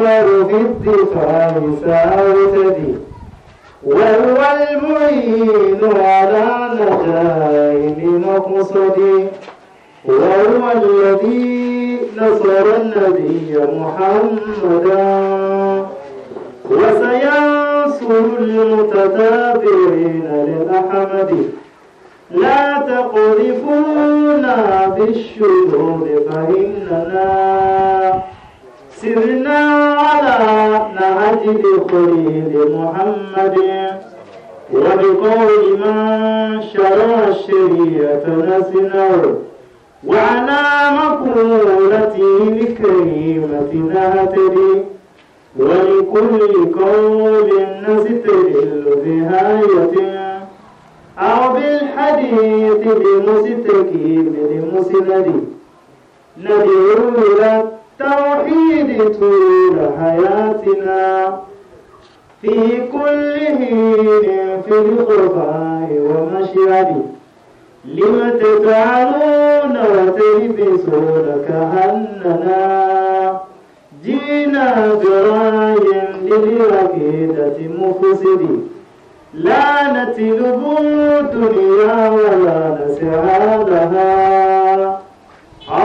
يظفر بالذكرى نساء ثدي وهو المعين على نجاين مقصدي وهو الذي نصر النبي محمدا وسينصر المتدابرين لأحمد لا تقذفونا بالشذوذ فإننا سرنا على نهج الخليل محمد وبقول من شرع الشريعة نسنا وعلى مقولته الكريمة نهتدي ولكل قول نستدل بآية أو بالحديث بمستقيم لمسند ندعو إلى التوحيد طول حياتنا في كل حين في الغفاء ومشرب لم تجعلون وتلبسون كأننا جينا براي للعقيدة مفسد لا نتلب الدنيا ولا نسعى لها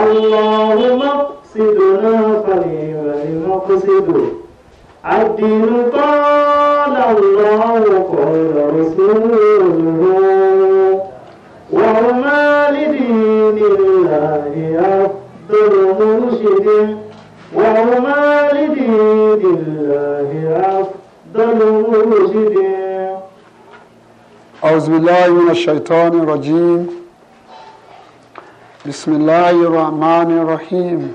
اللهم مفسدنا فلم المقصد الدين قال الله قال رسوله وهما لدين الله أفضل مرشد وهما لدين الله أفضل مرشد أعوذ بالله من الشيطان الرجيم بسم الله الرحمن الرحيم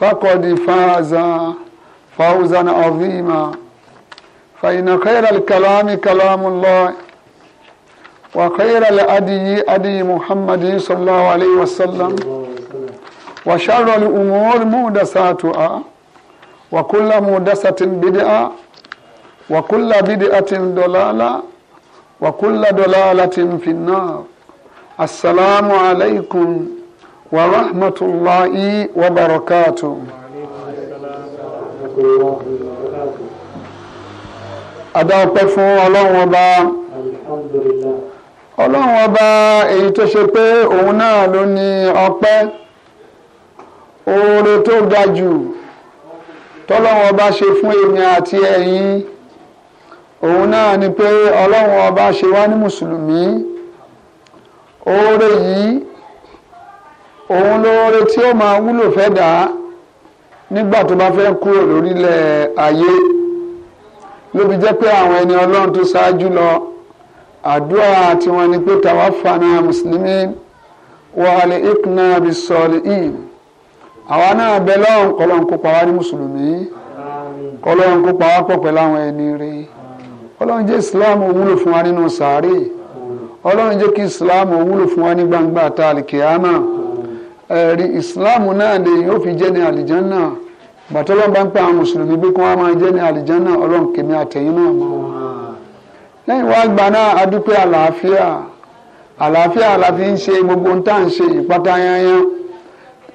فقد فاز فوزا عظيما فإن خير الكلام كلام الله وخير الأدي أدي محمد صلى الله عليه وسلم وشر الأمور مودساتها وكل مودسة بدعة وكل بدعة ضلالة وكل ضلالة في النار السلام عليكم wa rahmatulahi wa barakatu. adáwọ̀pẹ́ fún ọlọ́run ọba ọlọ́run ọba èyí tó ṣe pé òun náà ló ní ọpẹ́ oore tó ga jù tọ́lọ́run ọba ṣe fún èmi àti ẹ̀yin òun náà ni pé ọlọ́run ọba ṣe wá ní mùsùlùmí oore yìí òun lóore tí ó máa wúlò fẹ́ dà á nígbà tó bá fẹ́ kúrò lórílẹ̀ ayé ló fi jẹ́ pé àwọn ẹni ọlọ́run tó ṣáájú lọ àdúrà tiwọn ni pé tàwa fana mùsùlùmí wàhálẹ̀ ìkùnà bisọ̀lì ìn àwa náà bẹ lọ́run kọlọ́run kó pa wá ní mùsùlùmí kọlọ́run kó pa wá pọ̀ pẹ̀lú àwọn ẹni rí ọlọ́run jẹ́ islam wúlò fún wa nínú sàárè ọlọ́run jẹ́ kí islam wúlò fún wa ní gbangba tá a ẹ̀rí islam náà lè yóò fi jẹ́ ní àlìjánná bàtọ́lọ́n bá ń pẹ́ àwọn mùsùlùmí pé kí wọ́n máa jẹ́ ní àlìjánná ọlọ́run kèmí àtẹ̀yìn náà mọ́ wọn. lẹ́yìn wá gba náà adúpẹ́ àlàáfíà àlàáfíà la fi ń ṣe gbogbo ohun tá à ń ṣe ìpátá yányán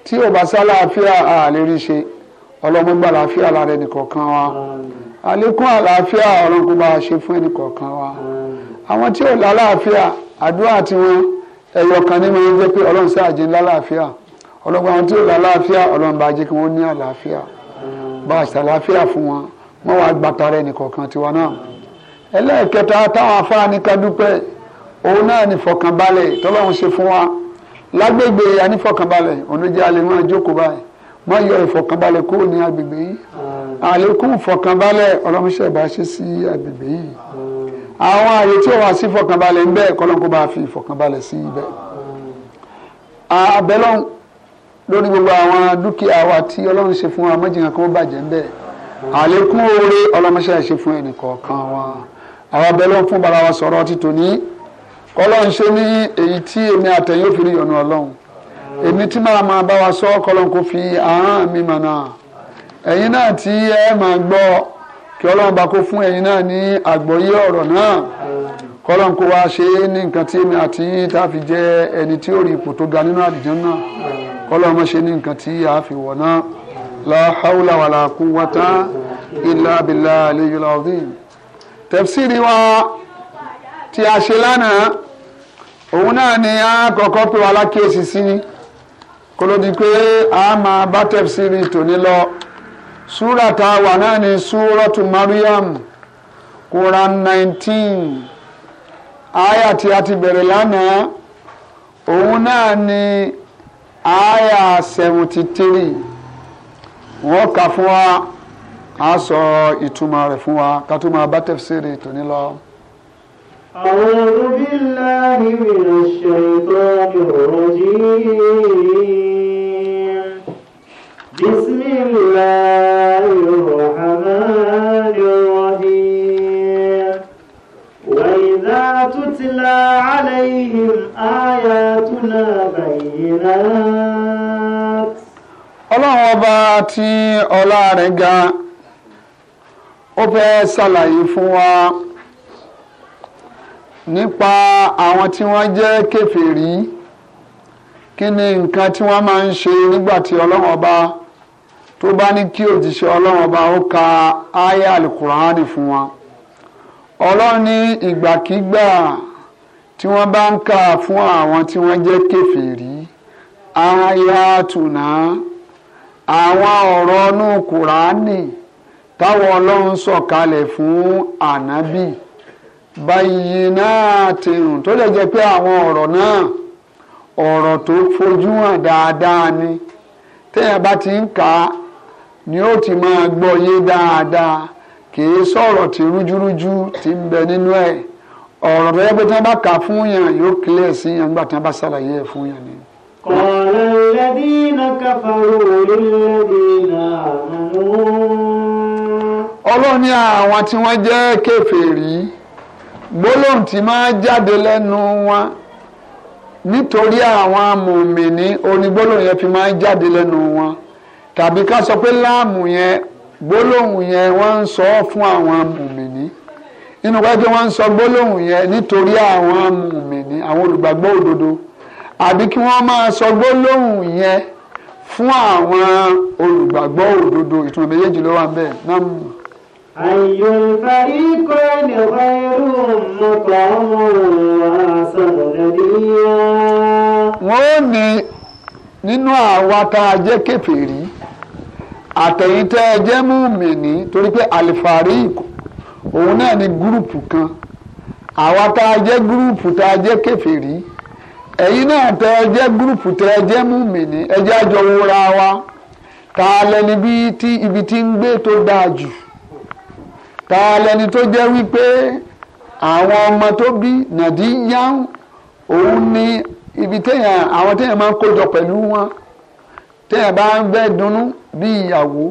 tí ò bá sálàáfíà à lè rí ṣe ọlọ́mọgbà àlàáfíà lára ẹnì kọ̀ọ̀kan wa àlékún àlàáfíà ọlọ́run kó bá a ṣe fún ẹnì kọ̀ọ̀kan wa àwọn tí ò lálàáfíà àdúrà tiwọn ẹ̀yọ̀kan ní mo ń jẹ́ ọlọ́gbọ́n àwọn tí ò lálàáfíà ọlọ́run bá jẹ́ kí wọ́n ní àlàáfíà bá a ṣàlàáfíà fún wọn wọ́n wá gbàtàrà ẹnìkọ̀ọ̀kan tiwa náà ẹlẹ́ẹ̀kẹta táwọn afáàní ká dúpẹ́ òun náà ní fọkànbalẹ̀ tọ́lọ́run ṣe fún wa lágbègbè anífọkànbalẹ̀ oníjẹ́ alẹ́ wọn jókòó báyìí wọ́n yọ ìfọkànbalẹ̀ kúrò ní agbègbè yìí àlékún ìfọkànbalẹ̀ ọlọ́run ṣe bá ṣe sí agbègbè yìí àwọn àyè lórí gbogbo àwọn dúkìá wa tí ọlọ́run ṣe fún wa mọ́jìnà kan ó bàjẹ́ ń bẹ̀ àlékún oore ọlọ́mọṣẹ́ ṣe fún ẹnì kọ̀ọ̀kan wa àwọn abẹ́lẹ́ fún bàbá wa sọ̀rọ̀ títò ní kọ́lọ́run ṣe ní èyí tí èmi àtẹ̀yìn òfin ìyọ̀nù ọlọ́run èmi tí màá máa bá wa sọ kọ́lọ́run kò fi àárán mi mànà ẹ̀yin náà tí ẹ máa gbọ́ kí ọlọ́run bá kó fún ẹ̀yin náà ní àgbọ́yé ọ̀rọ̀ náà kọ́lọ́n kó wá ṣe é ní nǹkan tí èmi àti yín tá a fi jẹ ẹni tí ó rí ipò tó ga nínú àdìjọ náà kọ́lọ́mọ ṣe ní nǹkan tí a fi wọ̀ náà la hawla wala quwwata illa billahi aliyul azim tafsiri wa tí a ṣe lánàá òun náà ni a kọ́kọ́ pé wa lákèésí sí kólódì pé a máa bá tafsiri tòní lọ súrà tá a wà náà ni súrọ̀tù Maryam Quran nineteen aya tí a ti bẹ̀rẹ̀ lánàá òun náà ni. Aya seventy three wọ́n kà fún wa a sọ ìtumọ̀ rẹ̀ fún wa ká tó máa bá tẹ̀síìrì tòní lọ. أعوذ بالله من الشيطان الرجيم بسم الله تتلى عليهم آياتنا بينات ọlọ́run ọba tí ọlá rẹ̀ ga ó fẹ́ ṣàlàyé fún wa nípa àwọn tí wọ́n jẹ́ kèfèrí kí ni nǹkan tí wọ́n máa ń ṣe nígbà tí ọlọ́run ọba tó bá ní kí òjíṣẹ́ ọlọ́run ọba ó ka aya alukuraani fún wa ọlọ́run ní ìgbàkigbà tí wọ́n bá ń kà fún àwọn tí wọ́n jẹ́ kèfèrí ayatuna àwọn ọ̀rọ̀ inú kùránì táwọn ọlọ́run sọ̀kalẹ̀ fún ànábì báyìí náà tẹ̀rùn tó lè jẹ́ pé àwọn ọ̀rọ̀ náà ọ̀rọ̀ tó fojú hàn dáadáa ni téèyàn bá ti ń kà á ni ó ti máa gbọ́ yé dáadáa kì í sọ̀rọ̀ tí rújúrújú ti ń bẹ nínú ẹ̀. E ọ̀rọ̀ rẹ pé tí wọ́n bá kà á fún yàn yóò kílẹ̀ sí yàn nígbà tí wọ́n bá ṣàlàyé ẹ̀ fún yàn ni. قال الذين كفروا للذين آمنوا ọlọ́run ní àwọn tí wọ́n jẹ́ kèfèrí gbólóhùn tí máa jáde lẹ́nu wọn nítorí àwọn mùmìnì onígbólóhùn yẹn fi máa jáde lẹ́nu wọn tàbí ká sọ pé láàmù yẹn gbólóhùn yẹn wọ́n ń sọ fún àwọn mùmìnì nínú wájú wọn ń sọ gbólóhùn yẹn nítorí àwọn mùmìnì àwọn olùgbàgbọ́ òdodo àbí kí wọ́n máa sọ gbólóhùn yẹn fún àwọn olùgbàgbọ́ òdodo ìtumọ̀ méjèèjì ló wà ń bẹ̀ náà mú. àyò ìfàyíkọ́ ni ọ̀rọ̀ mọ̀tò ọmọ àṣàlọ́dẹ́yà. wọ́n ní nínú àwa tá a jẹ́ kèfèrí àtẹ̀yìntẹ́ ẹ jẹ́ mùmìnì torí pé àlìfàrí ìkọ́ òun náà ni gúrùpù kan àwa tá a jẹ́ gúrùpù tá a jẹ́ kèfèrí ẹ̀yin náà tẹ́ ẹ jẹ́ gúrùpù tẹ́ ẹ jẹ́ mùmìnì ẹ jẹ́ àjọ wúra wa ta lẹni bí tí ibi tí ń gbé tó dáa jù ta lẹni tó jẹ́ wípé àwọn ọmọ tó bí nàdí yán òun ni ibi téèyàn àwọn téèyàn máa ń kójọ pẹ̀lú wọn téèyàn bá ń bẹ́ dunnú bí ìyàwó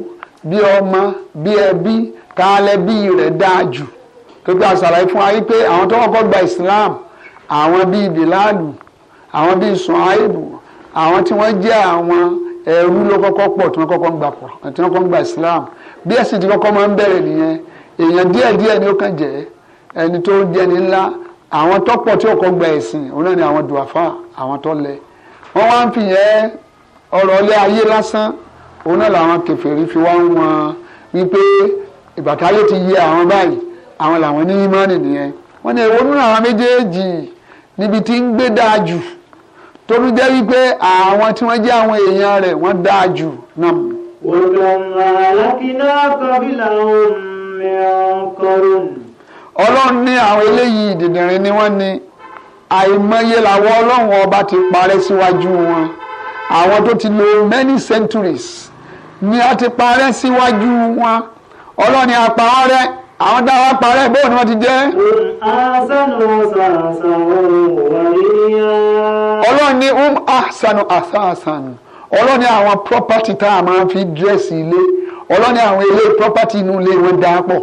bí ọmọ bí ẹbí kálẹ́bí rẹ̀ dáa jù pépé àṣàlàyé fún ayé pé àwọn tó kọ́kọ́ gba Islam àwọn bíi Bílálù àwọn bíi Ṣùáìbù àwọn tí wọ́n jẹ́ àwọn ẹrú ló kọ́kọ́ pọ̀ tí wọ́n kọ́kọ́ gba pọ̀ tí wọ́n kọ́kọ́ gba Islam bí ẹ̀sìn ti kọ́kọ́ máa ń bẹ̀rẹ̀ nìyẹn èèyàn díẹ̀díẹ̀ ni ó kàn jẹ́ ẹni tó jẹ́ ni ńlá àwọn tó pọ̀ tí ó kọ́ gba ẹ̀sìn òun náà ni àwọn dùwàfà àwọn tó lẹ̀ wọ́n wá ń fi yẹn ọ̀rọ̀ ilé ayé lásán òun náà làwọn kèfèrí fi wá ń wọn wípé ìgbà táyé ti yẹ àwọn báyìí àwọn làwọn ní ìmánì nìyẹn wọ́n ní èwo nínú àwọn méjèèjì níbi tí ń gbé dáa jù torí jẹ́ wípé àwọn tí wọ́n jẹ́ àwọn èèyàn rẹ̀ wọ́n dáa jù náà. ọlọ́run ní àwọn eléyìí dìndìnrín ni wọ́n ní àìmọye làwọn ọlọ́run ọba ti parẹ́ síwájú wọn àwọn tó ti lò many centuries ni a ti parẹ́ síwájú wọn. Si ọlọ́ni àpárẹ́ àwọn dáwà parẹ́ bóun ni wọ́n ti jẹ́. ọlọ́ni um ahsanu asasanu ọlọ́ni àwọn property tá a máa fi ilé ọlọ́ni àwọn ilé property inú ilé wọn dáa pọ̀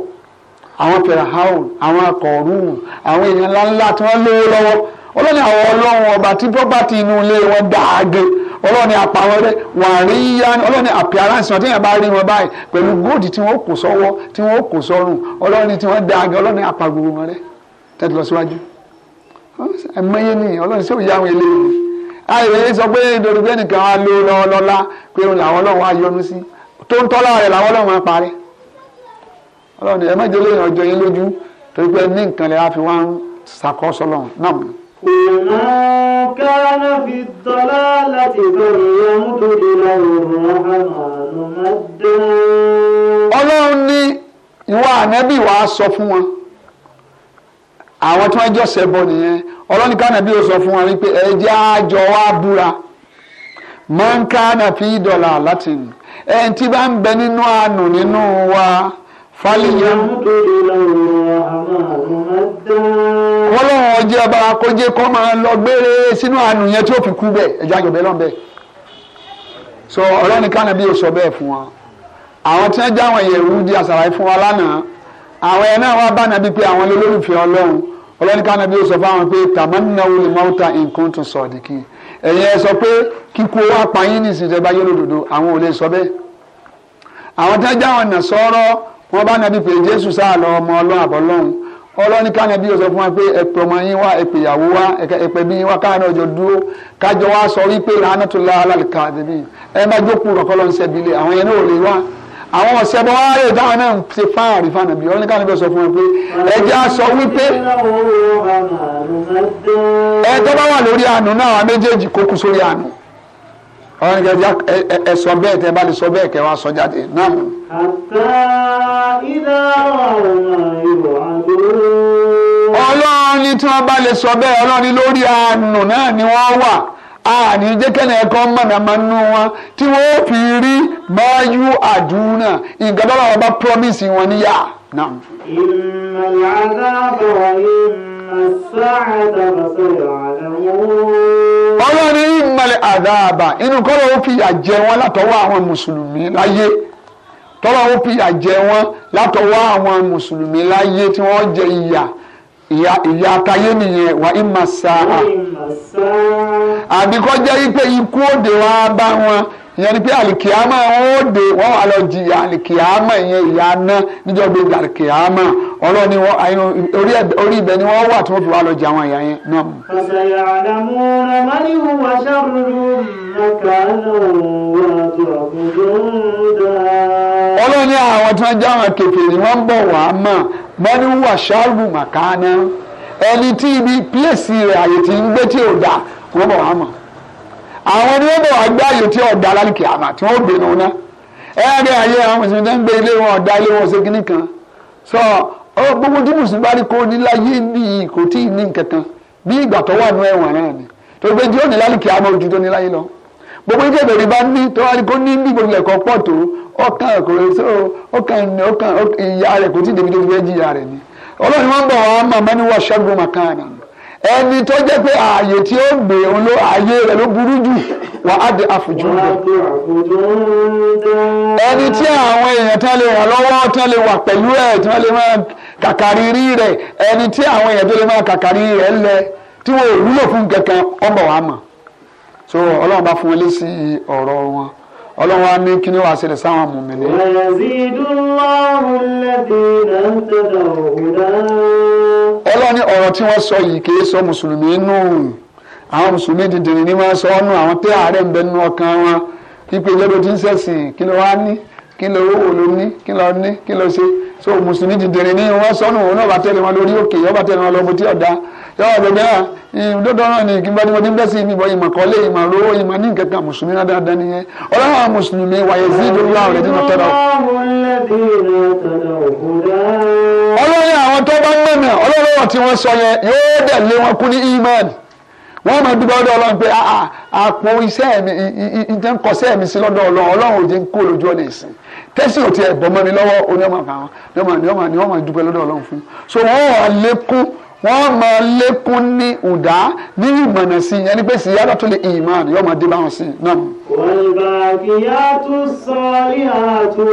àwọn fẹ̀ràhàn àwọn akọ̀ọ̀rùn àwọn èèyàn ńláńlá tí wọ́n lówó lọ́wọ́ ọlọ́ni àwọn ọlọ́run ọba tí property inú ilé wọn dáa ọlọ́run ni apá wọn wọ́n rí yá ọlọ́run ni appearance wọn téèyàn bá rí wọn báyìí pẹ̀lú góòdì tí wọ́n kò sọ́wọ́ tí wọ́n kò sọ́rùn ọlọ́run ni tí wọ́n dá aga ọlọ́run ni apá gbogbo wọn rẹ tẹ́tí lọ síwájú ẹ̀mọ́yé ni ọlọ́run sì yá àwọn eléyìí ayẹyẹ sọ pé nítorí pé nìkan wá ló lọ lọ́lá pé òun làwọn ọlọ́run wá yọ́nú sí tó ń tọ́lá rẹ̀ làwọn ọlọ́run á parẹ́ ọlọ́run ni jẹ́ lóyún ọjọ́ yín lójú torí ní nǹkan lè fi wá ń ṣàkóso lọ́run náà. òun kẹ́rẹ́ fi dọ́lá ọlọ́run ní ìwà ànábì wà á sọ fún wọn àwọn tí wọ́n jọ ṣẹbọ nìyẹn ọlọ́run ká ànábì ó sọ fún wọn wípé ẹjẹ́ àjọ wa búra mọ́ńkánà fi dọ̀là láti ẹni tí bá ń bẹ nínú àánú nínú wa fálíyàn wọ́n lọ́wọ́ ọjọ́ ọba akójé kọ́ máa lọ gbére sínú àánú yẹn tí ó fi kú bẹ́ẹ̀ ẹ̀jẹ̀ àjọ̀bẹ́ lọ́n bẹ́ẹ̀ so ọlọ́ni kánà bí o sọ bẹ́ẹ̀ fún wọn àwọn tí wọ́n já àwọn yẹ̀wù di àṣàlàyé fún wa lánàá àwọn ẹ̀ náà wá bá nàbí pé àwọn olólùfẹ́ ọlọ́run ọlọ́ni kánà bí o sọ fáwọn pé tàmánnàwó lè máa ta nǹkan tó sọ ọ̀dìkì ẹ̀yin ẹ sọ pé kíkú owó apayín ní ìsìn ìjọba yóò lòdòdó àwọn ò lè sọ bẹ́ẹ̀ àwọn tí wọ́n já àwọn nà sọ́rọ́ wọ́n bá nàbí pé Jésù sáà lọ ọmọ ọlọ́run àbọ̀lọ́run ọlọ́ni káàní bí o sọ fún wa pé ẹ̀pẹ̀ ọmọ yín wá ẹ̀pẹ̀ ìyàwó wá ẹ̀pẹ̀ bí yín wá káàní ọjọ́ dúró kájọ wá sọ wípé làánà tó la alálìkà àdébí ẹ má jókòó rọ̀kọ́ lọ́n ṣẹ́bi lé àwọn yẹn náà ò lè wá àwọn ọ̀sẹ̀ bọ́ wá rè dáhùn náà ṣe fáàrí fáànà bí ọlọ́ni káàní bí o fún wa pé ẹjẹ́ a sọ wípé ẹ bá wà lórí àánú náà àwọn méjèèjì kó sórí àánú ọ̀rọ̀ ní kẹjá ẹ sọ bẹ́ẹ̀ tẹ bá lè sọ bẹ́ẹ̀ kẹ wá sọ jáde náà. àtà ìdá ọ̀rọ̀ ìwà àdúró. ọlọ́run ní tí wọ́n bá lè sọ bẹ́ẹ̀ ọlọ́run ní lórí àánú náà ni wọ́n wà àní jẹ́kẹ́nà ẹ̀kọ́ mọ̀nàmọ́nú wọn tí wọ́n fi rí báyú àdúrà nǹkan bá promise wọn níyà náà. ìmọ̀lẹ́ àdáàbọ̀ wáyé mi ọlọ́ni ìmọ̀lẹ̀ àdáàbà inú kọ́lọ́ ó fìyà jẹ wọn látọwọ́ àwọn mùsùlùmí láyé tọ́lọ́ ó fìyà jẹ wọn látọwọ́ àwọn mùsùlùmí láyé tí wọ́n jẹ ìyà ìyà ìyà àtayé nìyẹn wà ìmọ̀ sáà àbíkọ́ jẹ́ pé ikú òde wa bá wọn ìyẹn ni pé àlìkìyàmọ wọn ó de wọn wà lọ jìyà àlìkìyàmọ ìyẹn ìyá ná níjọ gbogbo àlìkìyàmọ ọlọ́run ni wọn orí orí ibẹ̀ ni wọn wà tí wọn fi wà lọ jẹ àwọn ìyá yẹn náà. fàṣẹyà àdàmú ramani wà ṣàrùrù mẹkànù wà tọkùnrin dáa. ọlọ́run ní àwọn tí wọ́n já àwọn kèfèrí wọ́n ń bọ̀ wá mọ̀ mọ́ni wà ṣàrùrù mẹkànù ẹni tí ibi pílẹ̀sì rẹ̀ àyè ti ń gbé tí ò dáa wọ́n bọ̀ wá mọ̀. àwọn ni wọ́n bọ̀ wá gbáàyè tí ọ̀dà alálìkè àmà tí wọ́n gbé nínú náà ẹ̀ẹ́dẹ̀ ayé àwọn mùsùlùmí tó ń gbé ilé wọn ilé kan sọ ọ gbogbo tí mùsùlùmí bá rí kó nílá ní kò tí ì ní bí ìgbà tó wà lọ gbogbo bá ní tó wá rí kó ní bí gbogbo ẹ̀kọ́ pọ̀ tó ọkàn ọkàn ìyá rẹ̀ kò tí ì ẹni tó jẹ́ pé ààyè tí ó gbé òun ló ààyè rẹ̀ ló burú jù wà á di àfùjú rẹ̀. ẹni tí àwọn èèyàn tán lè ràn lọ́wọ́ tán lè wà pẹ̀lú ẹ̀ tí wọ́n lè máa kàkàrí rí rẹ̀ ẹni tí àwọn èèyàn tó lè máa kàkàrí rẹ̀ lẹ tí wọ́n ò wúlò fún kankan ọmọ wa mọ̀ so ọlọ́run bá fún wọn lé sí ọ̀rọ̀ wọn ọlọ́run wa ní kíní wàá ṣẹlẹ̀ sáwọn mùmìnì. yazidulahu alladhina ihtadaw huda. ọlọ́run ní ọ̀rọ̀ tí wọ́n sọ yìí kì í sọ mùsùlùmí nù àwọn mùsùlùmí dìndìnrín ní máa sọ ọ́ nù àwọn tẹ́ àárẹ̀ ń bẹ nínú ọkàn wọn ipe ìjọba tí ń ṣẹ̀sìn kí ló ní kí ló owó ló ní kí ló ní kí ló ṣe so mùsùlùmí ti dèrè ní wọn sọnù òun náà bá tẹ̀lé wọn lórí òkè yọọ bá tẹ̀lé wọn lọ mutí ọdá yọọ gbẹgbẹ náà ìdọdọ náà ni kí n bá ní mo ti ń bẹsí ìmọ̀ ìmọ̀ kọ́lé ìmọ̀ lówó ìmọ̀ ní nǹkan kan mùsùlùmí náà dáadáa nìyẹn ọlọ́run mùsùlùmí wàyẹ̀ sí ìdúró àwọn rẹ̀ nínú tọ́lá. ọlọ́run àwọn tó bá mọ̀nà ọlọ́run tí wọ́n sọ yẹn yóò dẹ̀ lé wọn kú ní imáànì wọ́n máa dúpẹ́ lọ́dọ̀ ọlọ́run pé àpò iṣẹ́ mi ìjẹun kọ́sẹ́ mi sí lọ́dọ̀ ọlọ́run ọlọ́run ò jẹ́ ń kó lójú ọ̀nà ìsìn tẹ́sí ò tiẹ̀ bọ́mọ́ni lọ́wọ́ onímọ̀ọ́ká wọn ni wọ́n máa dúpẹ́ lọ́dọ̀ ọlọ́run fún so wọ́n wà lékún wọ́n máa lékún ní ùdá ní ìmọ̀nà sí i ẹni pé sì yàtọ̀ tó lè ìmọ̀ àdé yóò máa dé báwọn sí i náà. walbaqiyatu salihatu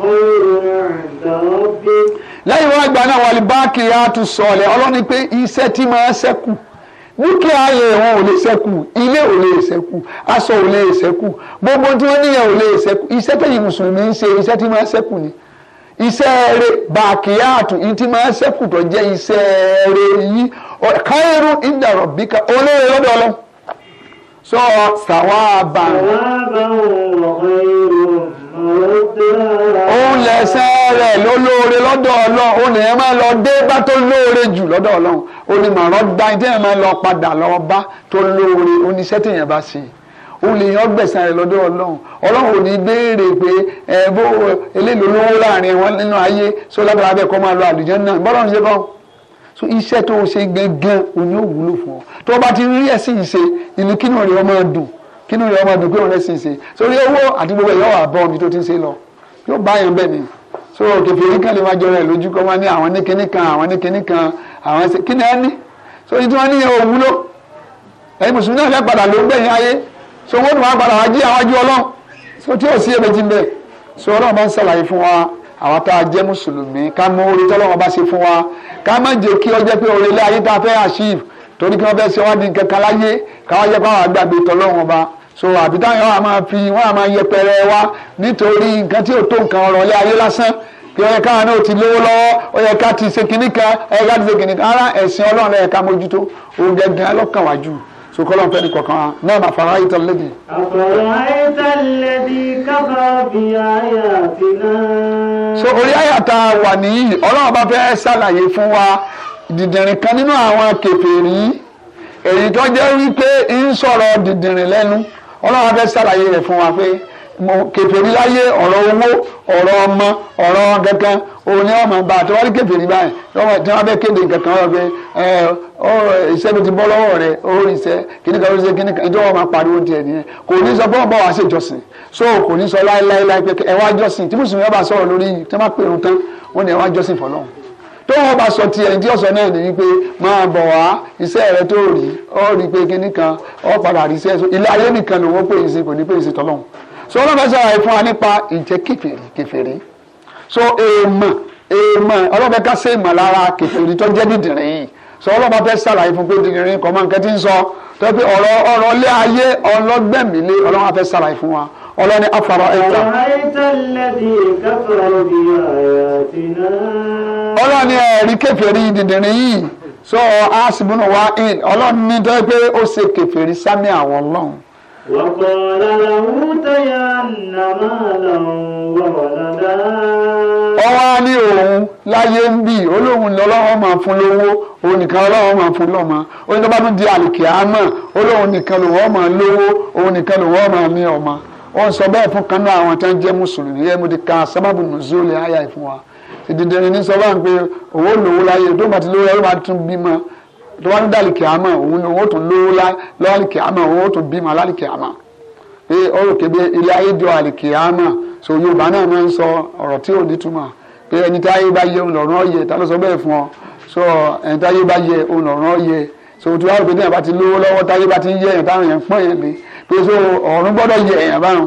khayrun 'inda rabbik. lẹ́yìn wọ́n gbà náà walbaqiyatu salih ọlọ́ni pé iṣẹ́ tí máa ṣẹ́kù dúkìá yẹn wọn ò lè ṣẹ́kù ilé ò lè ṣẹ́kù aṣọ ò lè ṣẹ́kù gbogbo tí wọ́n níyẹn ò lè ṣẹ́kù iṣẹ́ tẹ̀yìn mùsùlùmí ń ṣe iṣẹ́ tí máa ṣẹ́kù ni iṣẹ́ eré bàkíyàtù yìí tí máa ṣẹ́kù tó jẹ́ iṣẹ́ eré yìí káyọ̀rù ìdàrọ̀ bí ká olóore lọ́dọ̀ ọlọ́ sọ sàwáàbà. sàwáàbà wọ̀ ọ̀rọ̀ ìrò ọ̀rọ̀ lẹ̀sán rẹ̀ lólóore lọ́dọ̀ ọlọ́run ó lè máa lọ dé bá tó lóore jù lọ́dọ̀ ọlọ́run ó lè máa rọ́gbá ní téèyàn máa lọ padà lọ bá tó lóore oníṣẹ́ téèyàn bá ṣe ó lè yan gbẹ̀sán rẹ̀ lọ́dọ̀ ọlọ́run ọlọ́run ò ní béèrè pé ẹ bó eléèlò lówó láàrin wọn nínú ayé só lábàrá bẹ́ẹ̀ kọ́ máa lọ àlùjànnà bọ́lọ́run ṣe bọ́ so iṣẹ́ tó o ṣe gangan o ní òwúlò fún ọ tó o bá ti rí ẹ̀sìn ṣe ìlú kínú rẹ̀ ọmọ dùn kínú rẹ̀ ọmọ dùn pé òun rẹ̀ sìn ṣe sórí owó àti gbogbo ẹ̀yọ́ àbọ̀ mi tó ti ń ṣe lọ yóò bá yẹn bẹ́ẹ̀ ni so kẹfì yìí kan lè máa jọra ẹ̀ lójú kọ́ wá ní àwọn ní kinní kan àwọn ní kinní kan àwọn ṣe kí ni ẹ ní so ní tí wọ́n ní yẹn ò wúlò ẹ̀yin mùsùlùmí náà fẹ́ padà ló gbẹ̀yìn ayé so wọ́n tún wá padà wá jí àwọn ajú ọlọ́run so tí ò sí ebèjì bẹ́ẹ̀ so ọlọ́run bá ń ṣàlàyé fún wa àwọn tá a jẹ́ mùsùlùmí ká mọ orí tọ́lọ́run bá ṣe fún wa ká má jẹ́ kí ọjọ́ pé orí ilé ayé tá a fẹ́ achieve torí kí wọ́n fẹ́ ṣe wá di nǹkan láyé káwá jẹ́ pé àwọn àgbàgbé tọ́lọ́run ọba so àbí táwọn àwọn máa fi wọn àwọn máa yẹpẹrẹ wa nítorí nǹkan tí ò tó nǹkan ọ̀rọ̀ ilé ayé lásán kí ọyẹ káwọn náà ti lówó lọ́wọ́ ọyẹ ká ti ṣe kinní kan ọyẹ ká ti ṣe kinní kan ara ẹ̀sìn Ọlọ́run lẹyẹ ká mójútó òun gẹ́gẹ́ ọlọkàn wájú sokolo fẹni kọkan náà ma fara ayé tán lẹbi. àfọwọ́ ayé tán lẹbi kábà bí àyà ti náà. so orí àyà tá a wà nìyí Ọlọ́run bá fẹ́ ṣàlàyé fún wa dìdìrín kan nínú àwọn kèfèrí èyí tó jẹ́ wípé ń sọ̀rọ̀ dìdìrín lẹ́nu ọlọ́run fẹ́ sàlàyé rẹ̀ fún wa pé kèfèrí láyé ọ̀rọ̀ owó ọ̀rọ̀ ọmọ ọ̀rọ̀ kankan òun ni wọ́n máa bá àti wọ́n rí kèfèrí báyìí lọ́wọ́ tí wọ́n fẹ́ kéde kankan wọ́n fẹ́ iṣẹ́ ló ti bọ́ lọ́wọ́ rẹ̀ orí iṣẹ́ kíní kan oríṣẹ́ kíní kan ìjọba máa pariwo tiẹ̀ nìyẹn kò ní sọ bọ́ọ̀ bọ́ wá sí ìjọsìn so kò ní sọ láéláé láì pé ẹ wá jọ́sìn tí mùsùlùmí ọba sọ̀rọ̀ lórí tí wọ́n bá pè tó wọn bá sọ tiẹ̀ tí ọ̀sán náà ní wípé máa bọ̀ wá iṣẹ́ rẹ tó rí ọ rí pé kíní kan ọ padà rí iṣẹ́ ilé ayé nìkan ló wọ́n pè é sí kò ní pè é sí tọ́lọ́hún so ọlọ́run ṣe àyè fún wa nípa ìjẹ́ kèfèrí kèfèrí so èèmọ̀ èèmọ̀ ọlọ́run fẹ́ ká ṣe ìmọ̀ lára kèfèrí tó jẹ́ dídìrín yìí so ọlọ́run fẹ́ ṣàlàyé fún pé dídìrín kọ́ máa ń kẹ́ tí ń sọ tó pé ọ̀rọ̀ ọ̀rọ̀ ilé ayé ọlọ́gbẹ̀mílé ọlọ́run fẹ́ ṣàlàyé fún wa ọlọ́ni afara ịta. ọlọ́ni ẹ̀rí kèfèrí dìndìnrín yìí so asibuna wa in ọlọ́ni ní tọ́ pé ó ṣe kèfèrí sámi àwọn ọlọ́run. وقال له تيان مالا وولدا ọwọ́ n'i òun láyé ń bì olóhùn lọ́lọ́wọ́ máa fún lówó òun nìkan ọlọ́wọ́ máa fún lọ́mọ wọ́n sọ bẹ́ẹ̀ fún kan náà àwọn tí wọ́n jẹ́ mùsùlùmí yẹn mo ti ka sábàbù nùzúlẹ̀ àyà ẹ̀ fún wa ìdìdìrín ní sọ báyìí pé owó lówó láyé tó bá ti lówó láyé máa tún bímọ tó bá ń dàlìkì àmọ́ òun ni owó tún lówó lálìkì àmọ́ owó tún bímọ lálìkì àmọ́ pé ọ̀rọ̀ kébé ilé ayé jọ àlìkì àmọ́ so Yorùbá náà máa ń sọ ọ̀rọ̀ tí ò ní túmọ̀ pé ẹni tí ayé bá yẹ òun lọ́rùn ọ̀yẹ ta ló sọ bẹ́ẹ̀ fún ọ so ẹni tí ayé bá yẹ òun lọ́rùn ọ̀yẹ so tí wàá rògbé téèyàn bá ti lówó lọ́wọ́ táyé bá ti ń yẹ èèyàn táwọn èèyàn pọ́n èèyàn lé pé so ọ̀run gbọ́dọ̀ yẹ èèyàn báwọn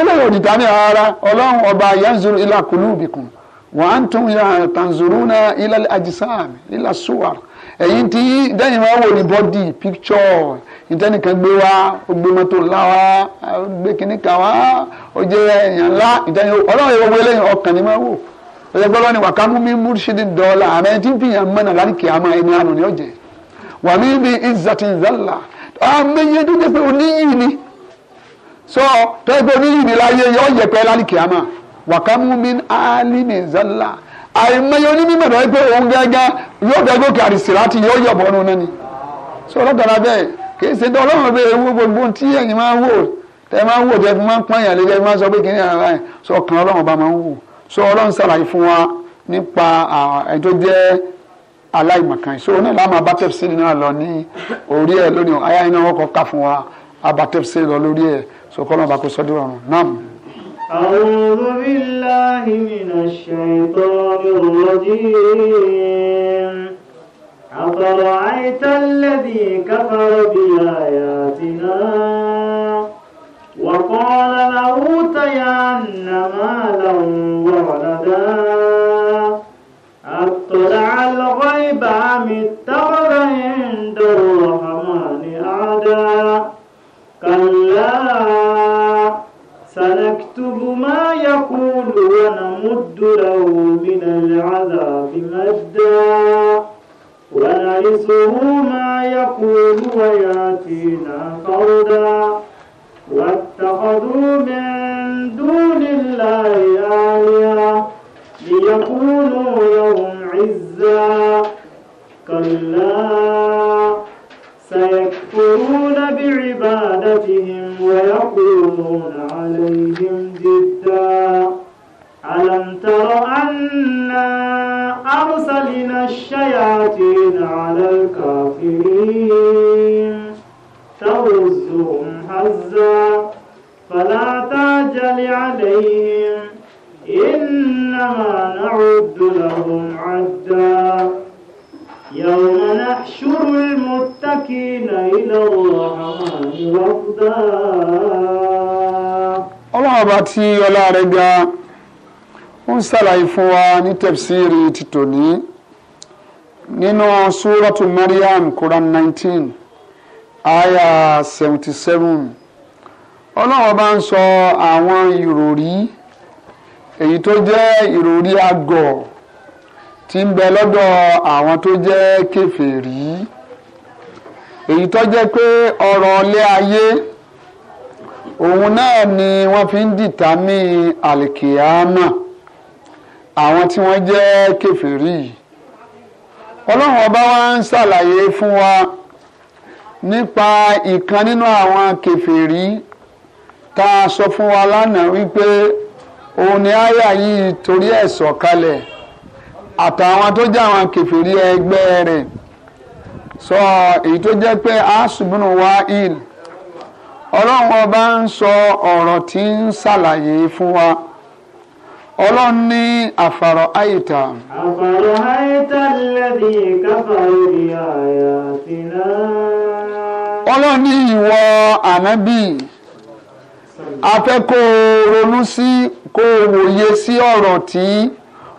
eléyìí òdìtà ní ara ọlọ́run ọba yanzuru ila kulubikum wa antum tanzuruna ila ajisam ila suwar ẹ̀yin tí dẹ́yìn máa wò ní bọ́dì píkṣọ̀ ìtẹ́nìkan gbé wá gbé la ńlá wá gbé kínní kan wá ó jẹ́ èèyàn ńlá ìtẹ́yìn ọlọ́run yóò wọ eléyìí ọkàn ni máa wò ọjọ́ gbọ́dọ̀ ni wàkàmú mi múrṣídìí dọ́ọ̀là àmẹ́ tí ń fi hàn mọ́nà láríkì àmọ́ ẹni àná ni ó wà ní ibi ìzàtì ìzàlà ọmọ yẹn tó jẹ́ pé oníyì ni so tó yẹ oníyì ni láyé yọ yẹpẹ lálìkì àmà wàkàmú mi alimi ìzàlà àìmọye onímọ̀ tó yẹ pé òun gángan yóò dẹ́gbẹ́ òkè àdìsíláàtì yóò yọ̀ bọ́nu nání so ọlọ́dọ̀ra bẹ́ẹ̀ kì í ṣe dán ọlọ́run bẹ́ẹ̀ ewu gbogbo tí ẹ̀yin máa ń wò tẹ́ máa ń wò tẹ́ fi máa ń pọ́nyàn lé tẹ́ máa ń sọ pé kí so ọkàn ọlọ́run ọba so ọlọ́run ṣàlàyé fún wa nípa ẹni aláìmọ̀kan so oní ìlànà abatẹ́fisẹ́ náà lọ ní orí ẹ̀ lónìí ayé iná wọn kọ́ ká fún wa abatẹ́fisẹ́ lọ lórí ẹ̀ so kọ́lọ́n bá kó sọ́dún ọ̀run náà. أعوذ بالله من الشيطان الرجيم أفرأيت الذي كفر بآياتنا وقال لأوتين مالا وولدا نمد له من العذاب مدا ونرثه ما يقول وياتينا فردا واتخذوا من دون الله آلهة ليكونوا لهم عزا كلا سيكفرون بعبادتهم ويقولون عليهم جدا ألم تر أنا أرسلنا الشياطين على الكافرين تغزهم هزا فلا تعجل عليهم إنما نعد لهم عدا يوم نحشر المتكين إلى الرحمن وفدا الله أبتي ولا رجاء ń ṣàlàyé fún wa ní tẹ̀síìrì tìtòní nínú súrọ́tù Maryam Quran nineteen aya seventy seven ọlọ́run bá ń sọ àwọn ìròrí èyí tó jẹ́ ìròrí àgọ̀ tí ń bẹ lọ́dọ̀ àwọn tó jẹ́ kèfèrí èyí tó jẹ́ pé ọ̀rọ̀ ilé ayé òun náà ni wọ́n fi ń dìtà ní àwọn tí wọ́n jẹ́ kèfèrí yìí ọlọ́run ọba wa ń ṣàlàyé fún wa nípa ìkan nínú àwọn kèfèrí tá a fún wa lánàá wípé òun ni àyà yìí torí ẹ̀ sọ̀kalẹ̀ àtàwọn tó jẹ́ àwọn kèfèrí ẹgbẹ́ rẹ̀ sọ èyí tó jẹ́ pé ọba ń sọ ọ̀rọ̀ tí fún wa. ọlọ́run ní àfàrọ̀ àyíta. àfàrọ̀ àyíta lẹ́bi káfàrọ̀ ìyá àyà sílá. ọlọ́run ní ìwọ ànábì afẹ́ kó o ronú sí kó o wòye sí ọ̀rọ̀ tí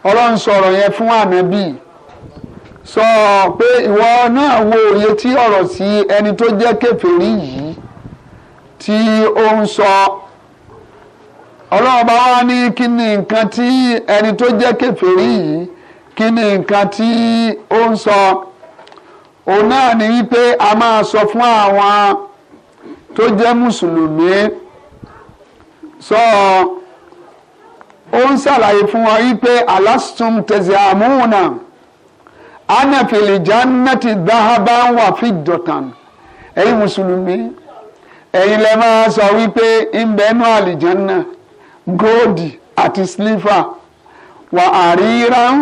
ọlọ́run sọ̀rọ̀ yẹn fún ànábì sọ pé ìwọ náà wo òye tí ọ̀rọ̀ sí ẹni tó jẹ́ kèfèrí yìí tí ó ń sọ. So, ọlọ́run bá wá ní kí ni nǹkan tí ẹni tó jẹ́ kèfèrí yìí kí ni nǹkan tí ó ń sọ òun náà ni wípé a máa sọ fún àwọn tó jẹ́ mùsùlùmí sọ ó ń ṣàlàyé fún wọn wípé alastum tazamuna anafili jannati dhahaban wa fiddatan ẹ̀yin mùsùlùmí ẹ̀yin lẹ máa sọ wípé ń bẹ́ẹ̀ nú àlìjánná góòdì àti sílífà wà àríra ń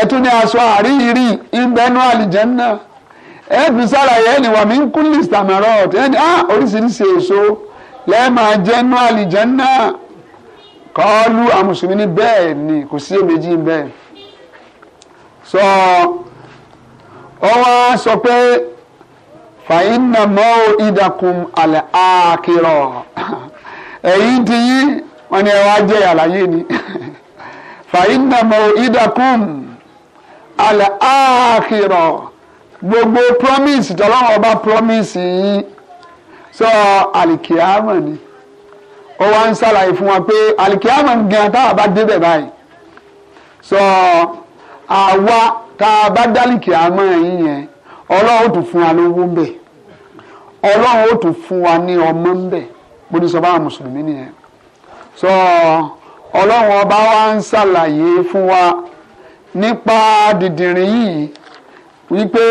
ẹtún ní aṣọ àríyìírì ìbẹnú àlìjẹ́nà ẹ̀ẹ́dùn sàlàyé ẹ̀ẹ́nì wà mí ń kú lìsàmọ́rọ̀ ẹ̀ẹ́dì á ah, oríṣiríṣi èso lẹ́ẹ̀mà jẹ́nú àlìjẹ́nà kọ́ọ́lù àmùsùlùmí ní bẹ́ẹ̀ ni kò sí èméjì bẹ́ẹ̀ sọ ọ wá sọ pé fàyínà mọ́ ìdàkùn àlẹ́ àkìrọ̀ ẹ̀yìn ti yí wọ́n ní ẹ wá jẹ́ àlàyé ni fàyínà mọ ìdàkùn àkìrọ̀ gbogbo promise tọ́lọ́wọ́n ọba promise yìí sọ àlìkìyàmọ̀ ni ó wá ń ṣàlàyé fún wa pé àlìkìyàmọ̀ gan tá a bá débẹ̀ báyìí sọ àwa tá a bá dálìkìyàmọ̀ yìí yẹn ọlọ́run tún fún wa lówó ń bẹ̀ ọlọ́run ó tún fún wa ní ọmọ ń bẹ̀ bó ní sọ báwọn mùsùlùmí nìyẹn sọ ọlọ́run ọba wa ń ṣàlàyé fún wa nípa dìdìrín yìí wípé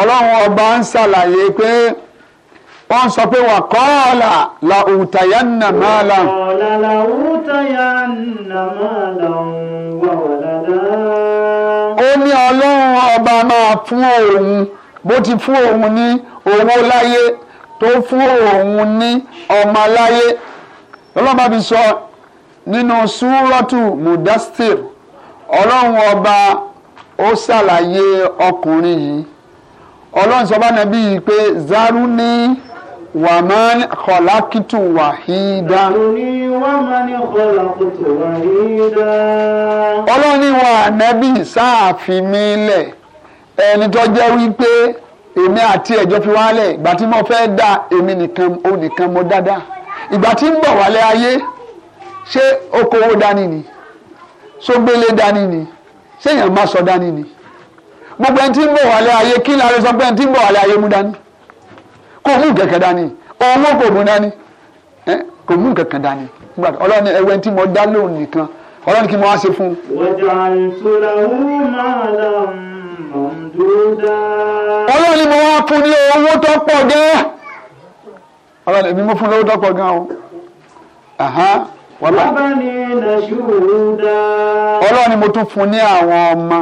ọlọ́run ọba ń ṣàlàyé pé wọ́n sọ pé wà kọ́ọ̀là la òòtàyà nà máa la. kọ́ọ̀là la òòtàyà nà máa la wà wà dáadáa. ó ní ọlọ́run ọba máa fún òun bó ti fún òun ní owó láyé tó fún òun ní ọmọ láyé lọ́lọ́run bá fi sọ nínú súrọ́tù mudastir ọlọ́run ọba ó ṣàlàyé ọkùnrin yìí ọlọ́run sọ bá nàbí yìí pé zaru ní wàmán kọlákìtù wàhídá. ọlọ́run ní wà nàbí sáàfin mi lẹ̀ ẹni tó jẹ́ wípé èmi àti ẹ̀jọ́ fi wálẹ̀ ìgbà mo fẹ́ dá èmi nìkan ó nìkan mo dáadáa ìgbà tí ń bọ̀ wálé ayé ṣé okòwò dání ni sógbélé dání ni séèyàn má sọ dání ni gbogbo ẹni tí ń bọ̀ wálé ayé kí ni a lè sọ pé ẹni tí ń bọ̀ wálé ayé mú dání kò mú kẹ̀kẹ́ dání owó kò mú dání kò mú kẹ̀kẹ́ dání ọlọ́ni ẹwẹ́ tí mo dá lóhùn nìkan ọlọ́ni kí mo wá ṣe fún un. wọ́jà ìṣòro máa dà mọ̀ ń dúró dá. ọlọ́ni mo wá fún ní owó tó pọ̀ gẹ́ẹ́ ọlọ́run èmi mú fún lówó dọ́pọ̀ gan o. bàbá ni nàṣúrúdà. ọlọ́run ni mo tún fún ní àwọn ọmọ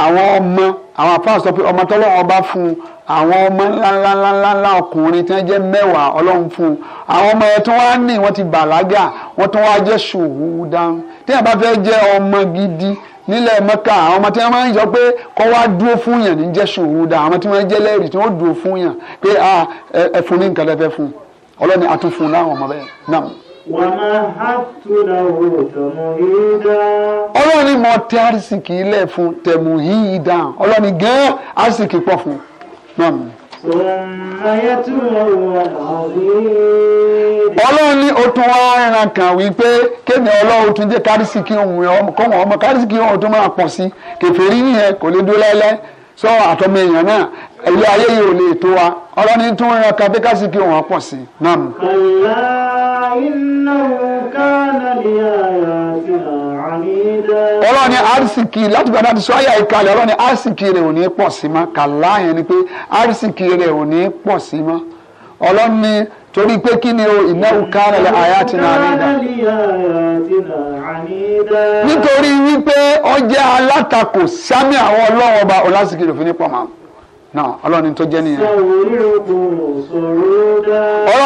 àwọn ọmọ àwọn àfáà sọ pé ọmọ tọ́lọ́wọ́n bá fún un àwọn ọmọ ńláńláńláńlá ọkùnrin tí wọ́n jẹ́ mẹ́wàá ọlọ́run fún un àwọn ọmọ yẹn tí wọ́n á ní wọ́n ti bàlágà wọ́n tún wá jẹ́ ṣòwúdà tí wọ́n bá fẹ́ jẹ́ ọmọ gidi nílẹ̀ mẹ́ka àwọn ọmọ tí wọ́n máa ń sọ pé kọ́ wá dúró fún yàn ní jẹ́ ṣùhúdà àwọn tí wọ́n jẹ́ lẹ́rìí tí wọ́n dúró fún yàn pé ah, ẹ fún ní nǹkan lẹ́fẹ́ fún ọlọ́ni àtúnfún láwọn ọmọ bẹ́ẹ̀ náà. wọ́n máa há túnra wò tọmọ yìí dá. ọlọ́ni mọ tẹ àrísìkì ilẹ̀ fún tẹ̀mù yìí dá ọlọ́ni gan àrísìkì pọ̀ fún náà ọlọ́run ní o tún wá ẹran kan wípé kéèmì ọlọ́run tún jẹ́ kárísìkì òun kọ́mọ ọmọ kárísìkì òun tó máa pọ̀ sí kèfèrí yẹn kò lè dúró láéláé sọ àtọmọ èèyàn náà ilé ayé yìí ò lè tó wa ọ̀rọ̀ ni tún ran kan bíkásì kí wọ́n pọ̀ sí i náà mú. kàlá innahu kana li ayatina anida. ọ̀rọ̀ ni arsìkì láti gbàdá ti sọ àyà ìkàlẹ̀ ọ̀rọ̀ ni arsìkì rẹ̀ ò ní pọ̀ sí mọ́ kàlá yẹn ni pé arsìkì rẹ̀ ò ní pọ̀ sí mọ́ ọ̀rọ̀ ni torí pé kí ni o innahu kana li ayatina anida. nítorí wípé ó jẹ́ alátakò sámi àwọn ọlọ́wọ́ ọba ọlásìkì lòfin ní pọ̀ máa náà ọlọ́ni tó jẹ́ nìyẹn. ọ̀rọ̀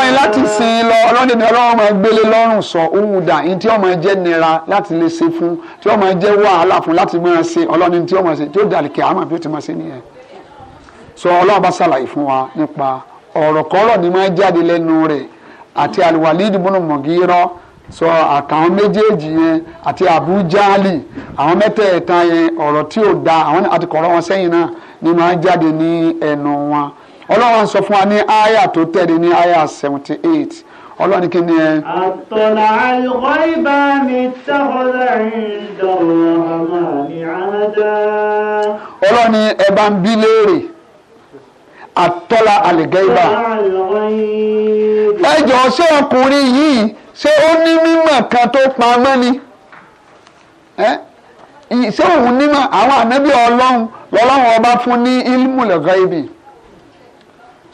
yìí láti sin lọ ọlọ́ni ni ọlọ́run máa gbélé lọ́rùn sọ òun dà ní tí ó máa jẹ́ nira láti lè ṣe fún tí ó máa jẹ́ wàhálà fún láti máa ṣe ọlọ́ni tí ó máa ṣe tí ó dàlí kí àmọ́ bí ó ti máa ṣe nìyẹn. sọ ọlọ́run bá ṣàlàyé fún wa nípa ọ̀rọ̀ kọ́rọ̀ ni máa jáde lẹ́nu rẹ̀ àti Al-Walid ibn Mughira sọ àtàwọn méjèèjì yẹn àti Abu Jahli àwọn mẹ́tẹ̀ẹ̀ta yẹn ní máa jáde ní ẹnu wọn ọlọ́run sọ fún wa ní àyà tó tẹ̀lé ní àyà seventy eight ọlọ́run ní kí ni ẹ. àtọ̀nà àlùkò ìbá mi tẹ́kọ̀lá ìdọ̀rọ̀ àmà mi àdá. ọlọ́run ní ẹ bá ń bí léèrè àtọ́lá àlùkò ìbá. ẹ jọ̀ọ́ ṣé ọkùnrin yìí ṣé ó ní mímọ̀ kan tó pamọ́ ni. ṣé òun nímọ̀ àwọn ànábì ọlọ́run lọ́lọ́run ọba fún ní ilmu lẹ́gàíbì